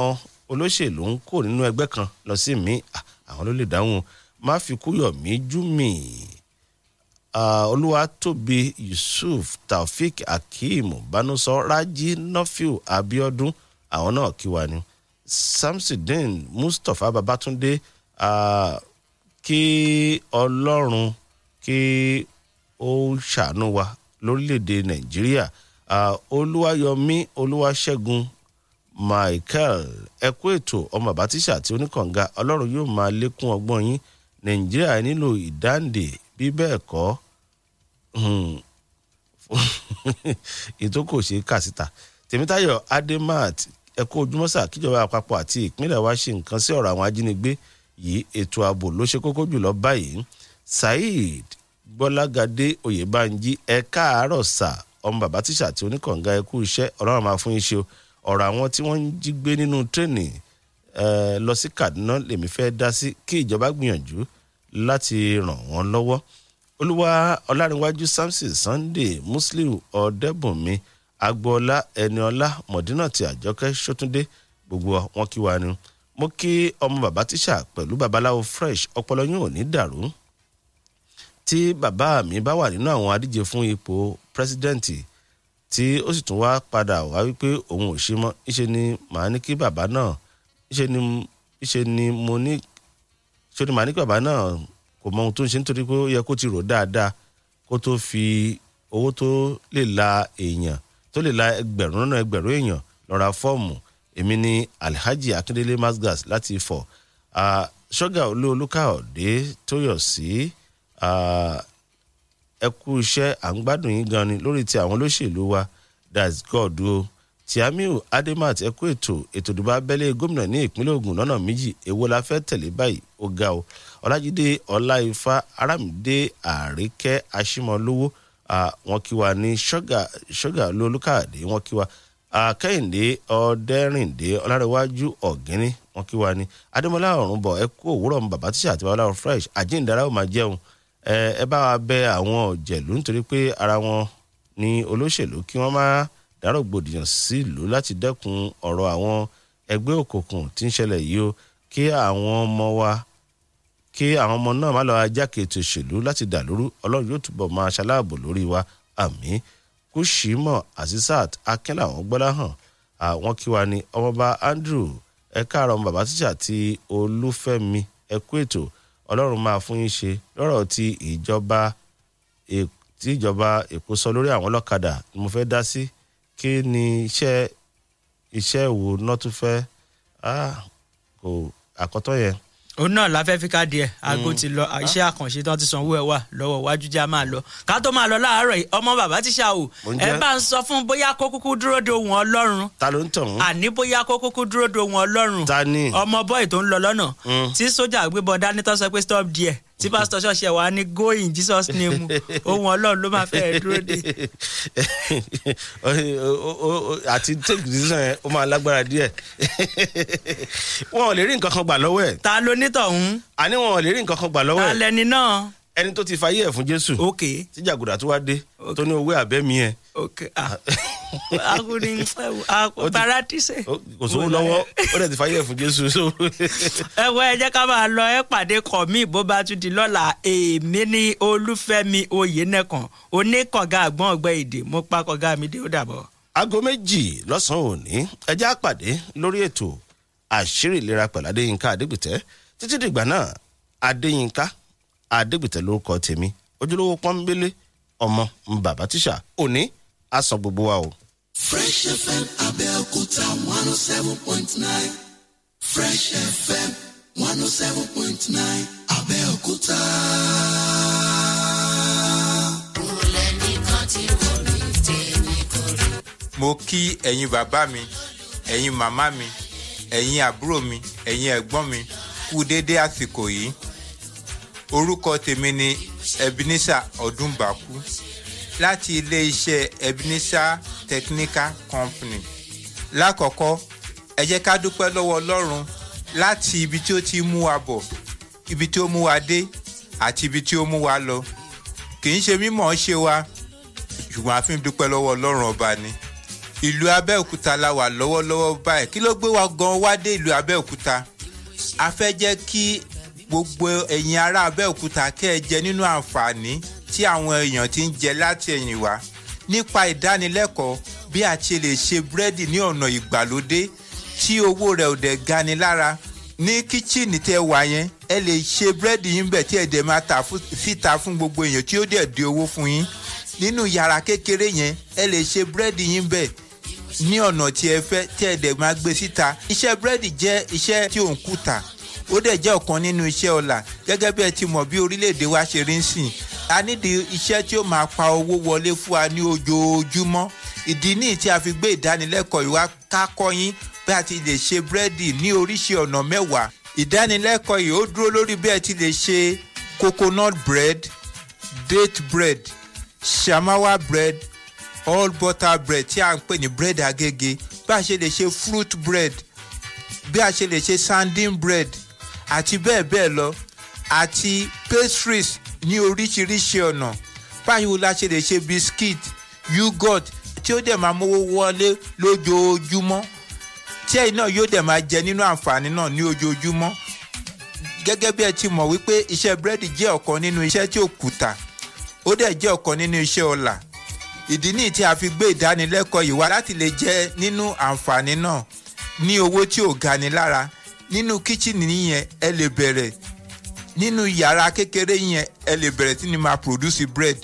olóṣèlú ń kó nínú ẹgbẹ́ kan lọ sí mi àwọn ló lè dáhùn má fi kú yọ̀ mí jú mi. Ah, olúwatóbi yusuf taofik akeem banusọ raji nọfíù abiodun àwọn náà kí wa ni samsudeen mustapha babatunde kí ọlọ́run kí ó ṣàánú wa lórílẹ̀‐èdè nàìjíríà olúwayọmí olúwaṣẹ́gun michael ẹkú ètò ọmọ àbátíṣà àti oníkànga ọlọ́run yóò máa lékún ọgbọ́n yín nàìjíríà nílò ìdáǹdè bí bẹ́ẹ̀ kọ́ hmm, ètò kò ṣeé kà síta tèmítáyọ̀ adémat ẹ̀kọ́ ojúmọ́ sà kíjọba àpapọ̀ àti ìpínlẹ̀ wa ṣe nǹkan sí ọ̀rọ̀ àwọn ajínigbé yìí ètò ààbò ló ṣe kókó jùlọ báyìí saheed gbọ́lágadé oyèbánjí ẹ káàárọ̀ sà ọmọ bàbá tíṣà tí oníkànga ẹkú iṣẹ́ ọlọ́run máa fún yín ṣe ọ̀rọ̀ àwọn tí wọ́n ń jí gbé nínú tírẹ̀nì eh, lọ sí kaduna lèmi fẹ́ dá sí kí ìjọba gbìyànjú láti ràn wọ́n lọ́wọ́ olúwa ọlárìnwájú samson sunday muslim ọ̀dẹ́bùnmi agboola ẹniọlá mọ̀dínà ti àjọkẹ́ sọ́túndé gbogbo wọn kí wa ni mo kí ọmọ bàbá tíṣà pẹ̀lú babaláwo fresh ọpọlọ yóò ní dàrú tí bàbá mi bá wà nínú àwọn adíje fún ipò pírẹsidẹ́ǹtì tí ó sì tún wá padà wá wípé òun ò ṣe mọ́ ńṣe ni màá ní kí bàbá náà ńṣe ni mo ní sórí màá ní bàbá náà kò mọ ohun tó ń ṣe nítorí pé ó yẹ kó ti rò dáadáa kó tó fi owó tó lè la èèyàn tó lè la ẹgbẹ̀rún lọ́nà ẹgbẹ̀rún èèyàn lọ fọ́ọ̀mù èmi ni Alhaji Akindele Masgas láti Ifọ̀ ṣọ́gà olú olúkàọ̀dé tóyọ̀sí ẹ kú iṣẹ́ à ń gbádùn yín gan ni lórí ti àwọn olóṣèlú wa that's o. Tìámíù Adémat ẹ kú ètò ètò ìdìbò abẹ́lé gómìnà ní ìpínlẹ̀ Ògùn lọ́nà méjì èwo la fẹ́ tẹ̀lé báyìí ó ga o Ọlájídé Ọláifá Arámídé Àríkẹ́ Aṣímọlówó wọn kí wa ní ṣọ́gà lolúkàdé wọn kí wa Kẹ́hìndé Ọdẹ́rìndé Ọlárẹ̀wájú Ọ̀gínní wọn kí wa ní Adémọ́lá Ọ̀rúnbọ̀ ẹ kú òwúrọ̀ mu bàbá tíṣà àti babaláwo fresh àjíǹdára ó máa jẹun ẹ bá wa bẹ àwọn òjẹ̀lú nítorí pé ara wọn ni olóṣèlú kí wọ́n máa dá rògbòdìyàn sílùú láti dẹ́kun ọ̀rọ̀ àwọn ẹgbẹ́ òkùnkùn tí ń ṣẹlẹ̀ yìí o kí àwọn ọmọ wa kí àwọn ọmọ náà má lọ ajáke ètò ìṣèlú láti dà lóru ọlọ́run yóò túbọ̀ máa ṣaláàbò lórí wa àmín kùsìmọ̀ azizat akínláwọn gbọ́láhàn àwọn kí wa ni ọmọọba andrew ẹ káàárọ̀ ọmọ bàbá tíṣà ti olúfẹ́mi ẹ kú ètò ọlọ́run máa fún yín ṣe lọ́rọ̀ tí ìjọba èkó sọ lórí àwọn ọlọ́kadà ni mo fẹ́ dá sí. Si kí ni iṣẹ́ iṣẹ́ wo náà tún fẹ́ ah, kò àkọ́tọ̀ yẹn. òun náà la fẹ́ fi ká díẹ̀ aago hmm. ti lọ ah. iṣẹ́ àkànṣe tán ti sanwó ẹ̀ wà lọ́wọ́ iwájú já máa lọ ká tó máa lọ láàárọ̀ yìí ọmọ bàbá ti ṣá o ẹ bá ń sọ fún bóyá kó kúkú dúró de ohun ọlọ́run. ta ló ń tọ̀ wọ́n. àní bóyá kó kúkú dúró de ohun ọlọ́run. ta ni. ọmọ bọ́ì tó ń lọ lọ́nà hmm. tí sójà gbébọn dání tó sọ pé stop díẹ̀ tí pásítọ̀ ṣọ́ọ̀ṣì wa wá ní going jesus name ohun ọlọ́run ló máa fẹ́ dúró dé. àti take decision yẹn ó máa lágbára díẹ̀ wọn ò lè rí nǹkan kan gbà lọ́wọ́ ẹ̀. ta ló nítọ̀hún. àní wọn ò lè rí nǹkan kan gbà lọ́wọ́ ẹ̀. ta lẹni náà. ẹni tó ti fayé ẹ̀ fún jésù. ok. tí jàgùdà tó wá dé tó ní owó àbẹ́mi yẹn ok aku ah. ah. ni paradise. Ah, kò sówó lọ́wọ́ ó lè ti fàyè fún jésù. ẹ wọ ẹ jẹ́ ká máa lọ ẹ pàdé kọ̀ mí bó bá tún di lọ́la èmi ní olúfẹ́mi oyènẹ́kan oníkànga àgbọ̀n ọgbẹ́ èdè mo pa kànga mi dé ó dàbọ̀. aago méjì lọ́sàn-án òní ẹ jẹ́ àpàdé lórí ètò àṣírí ìlera pẹ̀lú adéyínká adégbìtẹ́ títí dìgbà náà adéyínká adégbìtẹ́ lórúkọ tèmi ojúlówó pọ́nbélé ọmọ bàbá òní asọ gbogbo wa o. fresh fm abẹ́òkúta one oh seven point nine fresh fm one oh seven point nine abẹ́òkúta. mo kí ẹ̀yin bàbá mi ẹ̀yin màmá mi ẹ̀yin àbúrò mi ẹ̀yin ẹ̀gbọ́n mi kú déédéé àsìkò yìí orúkọ tèmi ni ebenezer ọdúnbàkú láti ilé-iṣẹ́ ebenezer technical company lákọ̀ọ́kọ́ ẹ jẹ́ ká dúpẹ́ lọ́wọ́ ọlọ́run láti ibi tí ó ti mú wa bọ̀ ibi tí ó mú wa dé àti ibi tí ó mú wa lọ kì í ṣe mímọ̀ ṣe wa ṣùgbọ́n àfi dúpẹ́ lọ́wọ́ ọlọ́run ọba ni ìlú abẹ́òkúta la wà lọ́wọ́lọ́wọ́ báyìí kí ló gbé wa gan wá dé ìlú abẹ́òkúta a fẹ́ jẹ́ kí gbogbo ẹ̀yin ará abẹ́òkúta kẹ́ ẹ jẹ nínú àǹfààní tí àwọn èèyàn ti ń jẹ láti ẹ̀yìn wá nípa ìdánilẹ́kọ̀ọ́ bí a ṣe lè ṣe búrẹ́dì ní ọ̀nà ìgbàlódé tí owó rẹ̀ ò dẹ̀ gani lára ní kíchìnì tẹ wà yẹn ẹ lè ṣe búrẹ́dì yín bẹ̀ tí ẹ dẹ̀ máa tà síta fún gbogbo èèyàn tí ó dẹ̀ di owó fún yín nínú yàrá kékeré yẹn ẹ lè ṣe búrẹ́dì yín bẹ̀ ní ọ̀nà tí ẹ fẹ́ tí ẹ dẹ̀ máa gbé síta iṣẹ́ búrẹ́dì jẹ́ iṣẹ́ tí ò ń kùtà ó dẹ̀ jẹ́ ọ̀kan nínú iṣẹ́ ọ̀la gẹ́gẹ́ bí ẹ ti mọ̀ bí orílẹ̀-èdè wa ṣe rí ń sìn a nídìí iṣẹ́ tí ó máa pa owó wọlé fún wa ní ojoojúmọ́ ìdí nìyí tí a fi gbé ìdánilẹ́kọ̀ọ́ ìwà kákọ́ yín bí a ti lè ṣe búrẹ́dì ní oríṣi ọ̀nà mẹ́wàá ìdánilẹ́kọ̀ọ́ yìí ó dúró lórí bí ẹ ti lè ṣe coconut bread date bread shamawa bread all butter bread tí a ń pè ní bread agége bí a ṣe lè ṣe fruit bread bí a ṣe lè ṣe sanding bread àti bẹ́ẹ̀ bẹ́ẹ̀ lọ àti pastries ní oríṣiríṣi ọ̀nà báyìí la ṣe lè ṣe biscuit yogurt tí ó dẹ̀ máa mówó wọlé lójoojúmọ́ tí ẹ̀yin náà yóò dẹ̀ máa jẹ nínú àǹfààní náà ní ojoojúmọ́ gẹ́gẹ́ bí ẹ ti mọ̀ wípé iṣẹ́ búrẹ́dì jẹ́ ọ̀kan nínú iṣẹ́ tí òkúta ó dẹ̀ jẹ́ ọ̀kan nínú iṣẹ́ ọlà ìdí nìyí tí a fi gbé ìdánilẹ́kọ̀ọ́ yìí wá láti lè jẹ nínú àǹfààní náà ní owó tí ò gani lára nínú kíchìnì yẹn ẹ lè bẹ̀rẹ̀ nínú yàrá kékeré yẹn ẹ lè bẹ̀rẹ̀ tí ni máa produce bread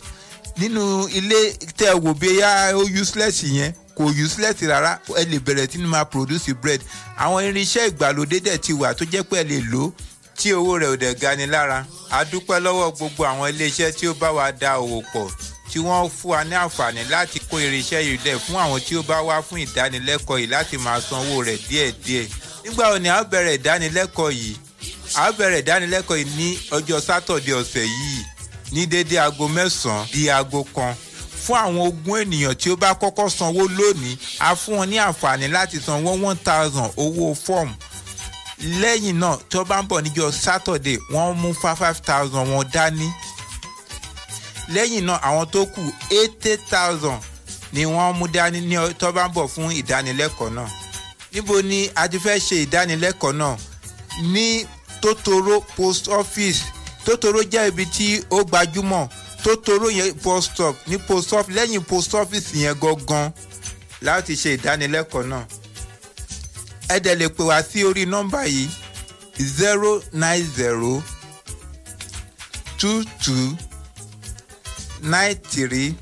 nínú ilé tẹ́ ẹ wò bí yá ó useless yẹn kò useless rárá ẹ lè bẹ̀rẹ̀ tí ni máa produce bread àwọn irinṣẹ́ ìgbàlódé dẹ̀ ti wà tó jẹ́ pé ẹ lè lò ó tí owó rẹ̀ ò dẹ̀ gani lára a dúpẹ́ lọ́wọ́ gbogbo àwọn iléeṣẹ́ tí ó bá wa da òwò pọ̀ tí wọ́n fún wa ní àǹfààní láti kó irinṣẹ́ yìí lẹ̀ fún àwọn tí ó bá wá fún ìdánilẹ́kọ̀ọ́ yìí láti máa san owó rẹ̀ díẹ̀díẹ̀ nígbà wo ni a bẹ̀rẹ̀ ìdánilẹ́kọ̀ọ́ yìí a bẹ̀rẹ̀ ìdánilẹ́kọ̀ọ́ yìí ní ọjọ́ sátọ̀dẹ̀ ọ̀sẹ̀ yìí ní dédé aago mẹ́sàn-án di aago kan fún àwọn ogún ènìyàn tí ó bá kọ́kọ́ sanwó lónìí a fún wọn ní àǹfààní láti sanwó one thousand owó fọ́ọ̀mù lẹ́yìn náà tí wọ́n bá ń bọ̀ níjọ́ sátọ̀dẹ̀ wọ́n mú five thousand wọn dání lẹ́yìn náà àwọn tó kù eighty thousand ni wọ́n mú dání tí wọ́n bá ń bọ̀ fún ìdánilẹ́kọ̀ọ́ náà níbo ni a ti fẹ́ ṣe ìdánilẹ́kọ̀ọ́ náà ní Totoro post office Totoro jẹ́ ibi tí ó gbajúmọ̀ Totoro yẹn post stop ní post office lẹ́yìn post office yẹn gangan láti ṣe ìdánilẹ́kọ̀ọ́ náà ẹ dẹ̀ lè pè wá sí orí nọ́mbà yìí zero nine zero two two nine three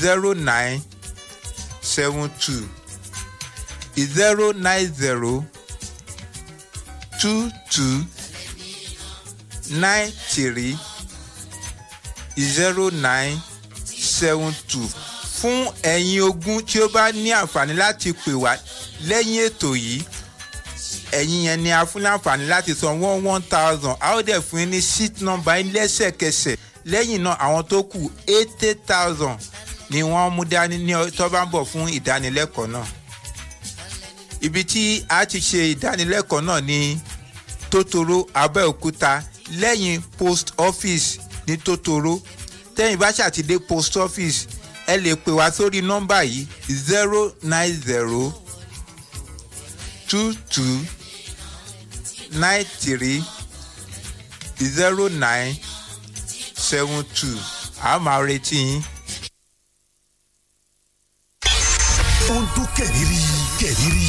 zero nine seven two zero nine zero two two nine three zero nine seven two fún ẹ̀yin ogún tí ó bá ní àǹfààní láti pè wá lẹ́yìn ètò yìí ẹ̀yin yẹn ni a fún láǹfààní láti san one one thousand a ó dẹ̀ fún yín ní sheet number yín lẹ́sẹ̀kẹsẹ̀ lẹ́yìn náà àwọn tó kù eighty thousand ni wọ́n mú dání ní tó bá ń bọ̀ fún ìdánilẹ́kọ̀ọ́ náà ibi tí a ti ṣe ìdánilẹ́kọ̀ọ́ náà ní Tòtòrò Abẹ́òkúta lẹ́yìn post office ní Tòtòrò tẹ́yìn bá ṣàtidé post office ẹ lè pè wá sórí nọ́mbà yìí zero nine zero two two nine three zero nine seven two a máa retí yín. ó ń kẹ̀rìírí kẹ̀rìírí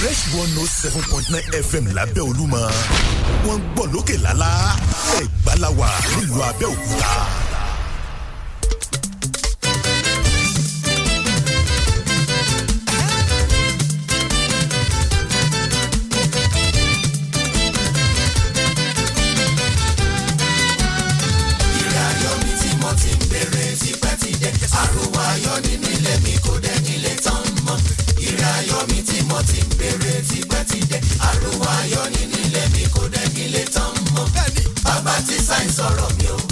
fresh one note oh seven point nine fm lábẹ́ olúmọ wọ́n ń gbọ́ lókè lálá ẹ̀gbá la wà nílùú abẹ́òkúta. sọ̀rọ̀ mi o.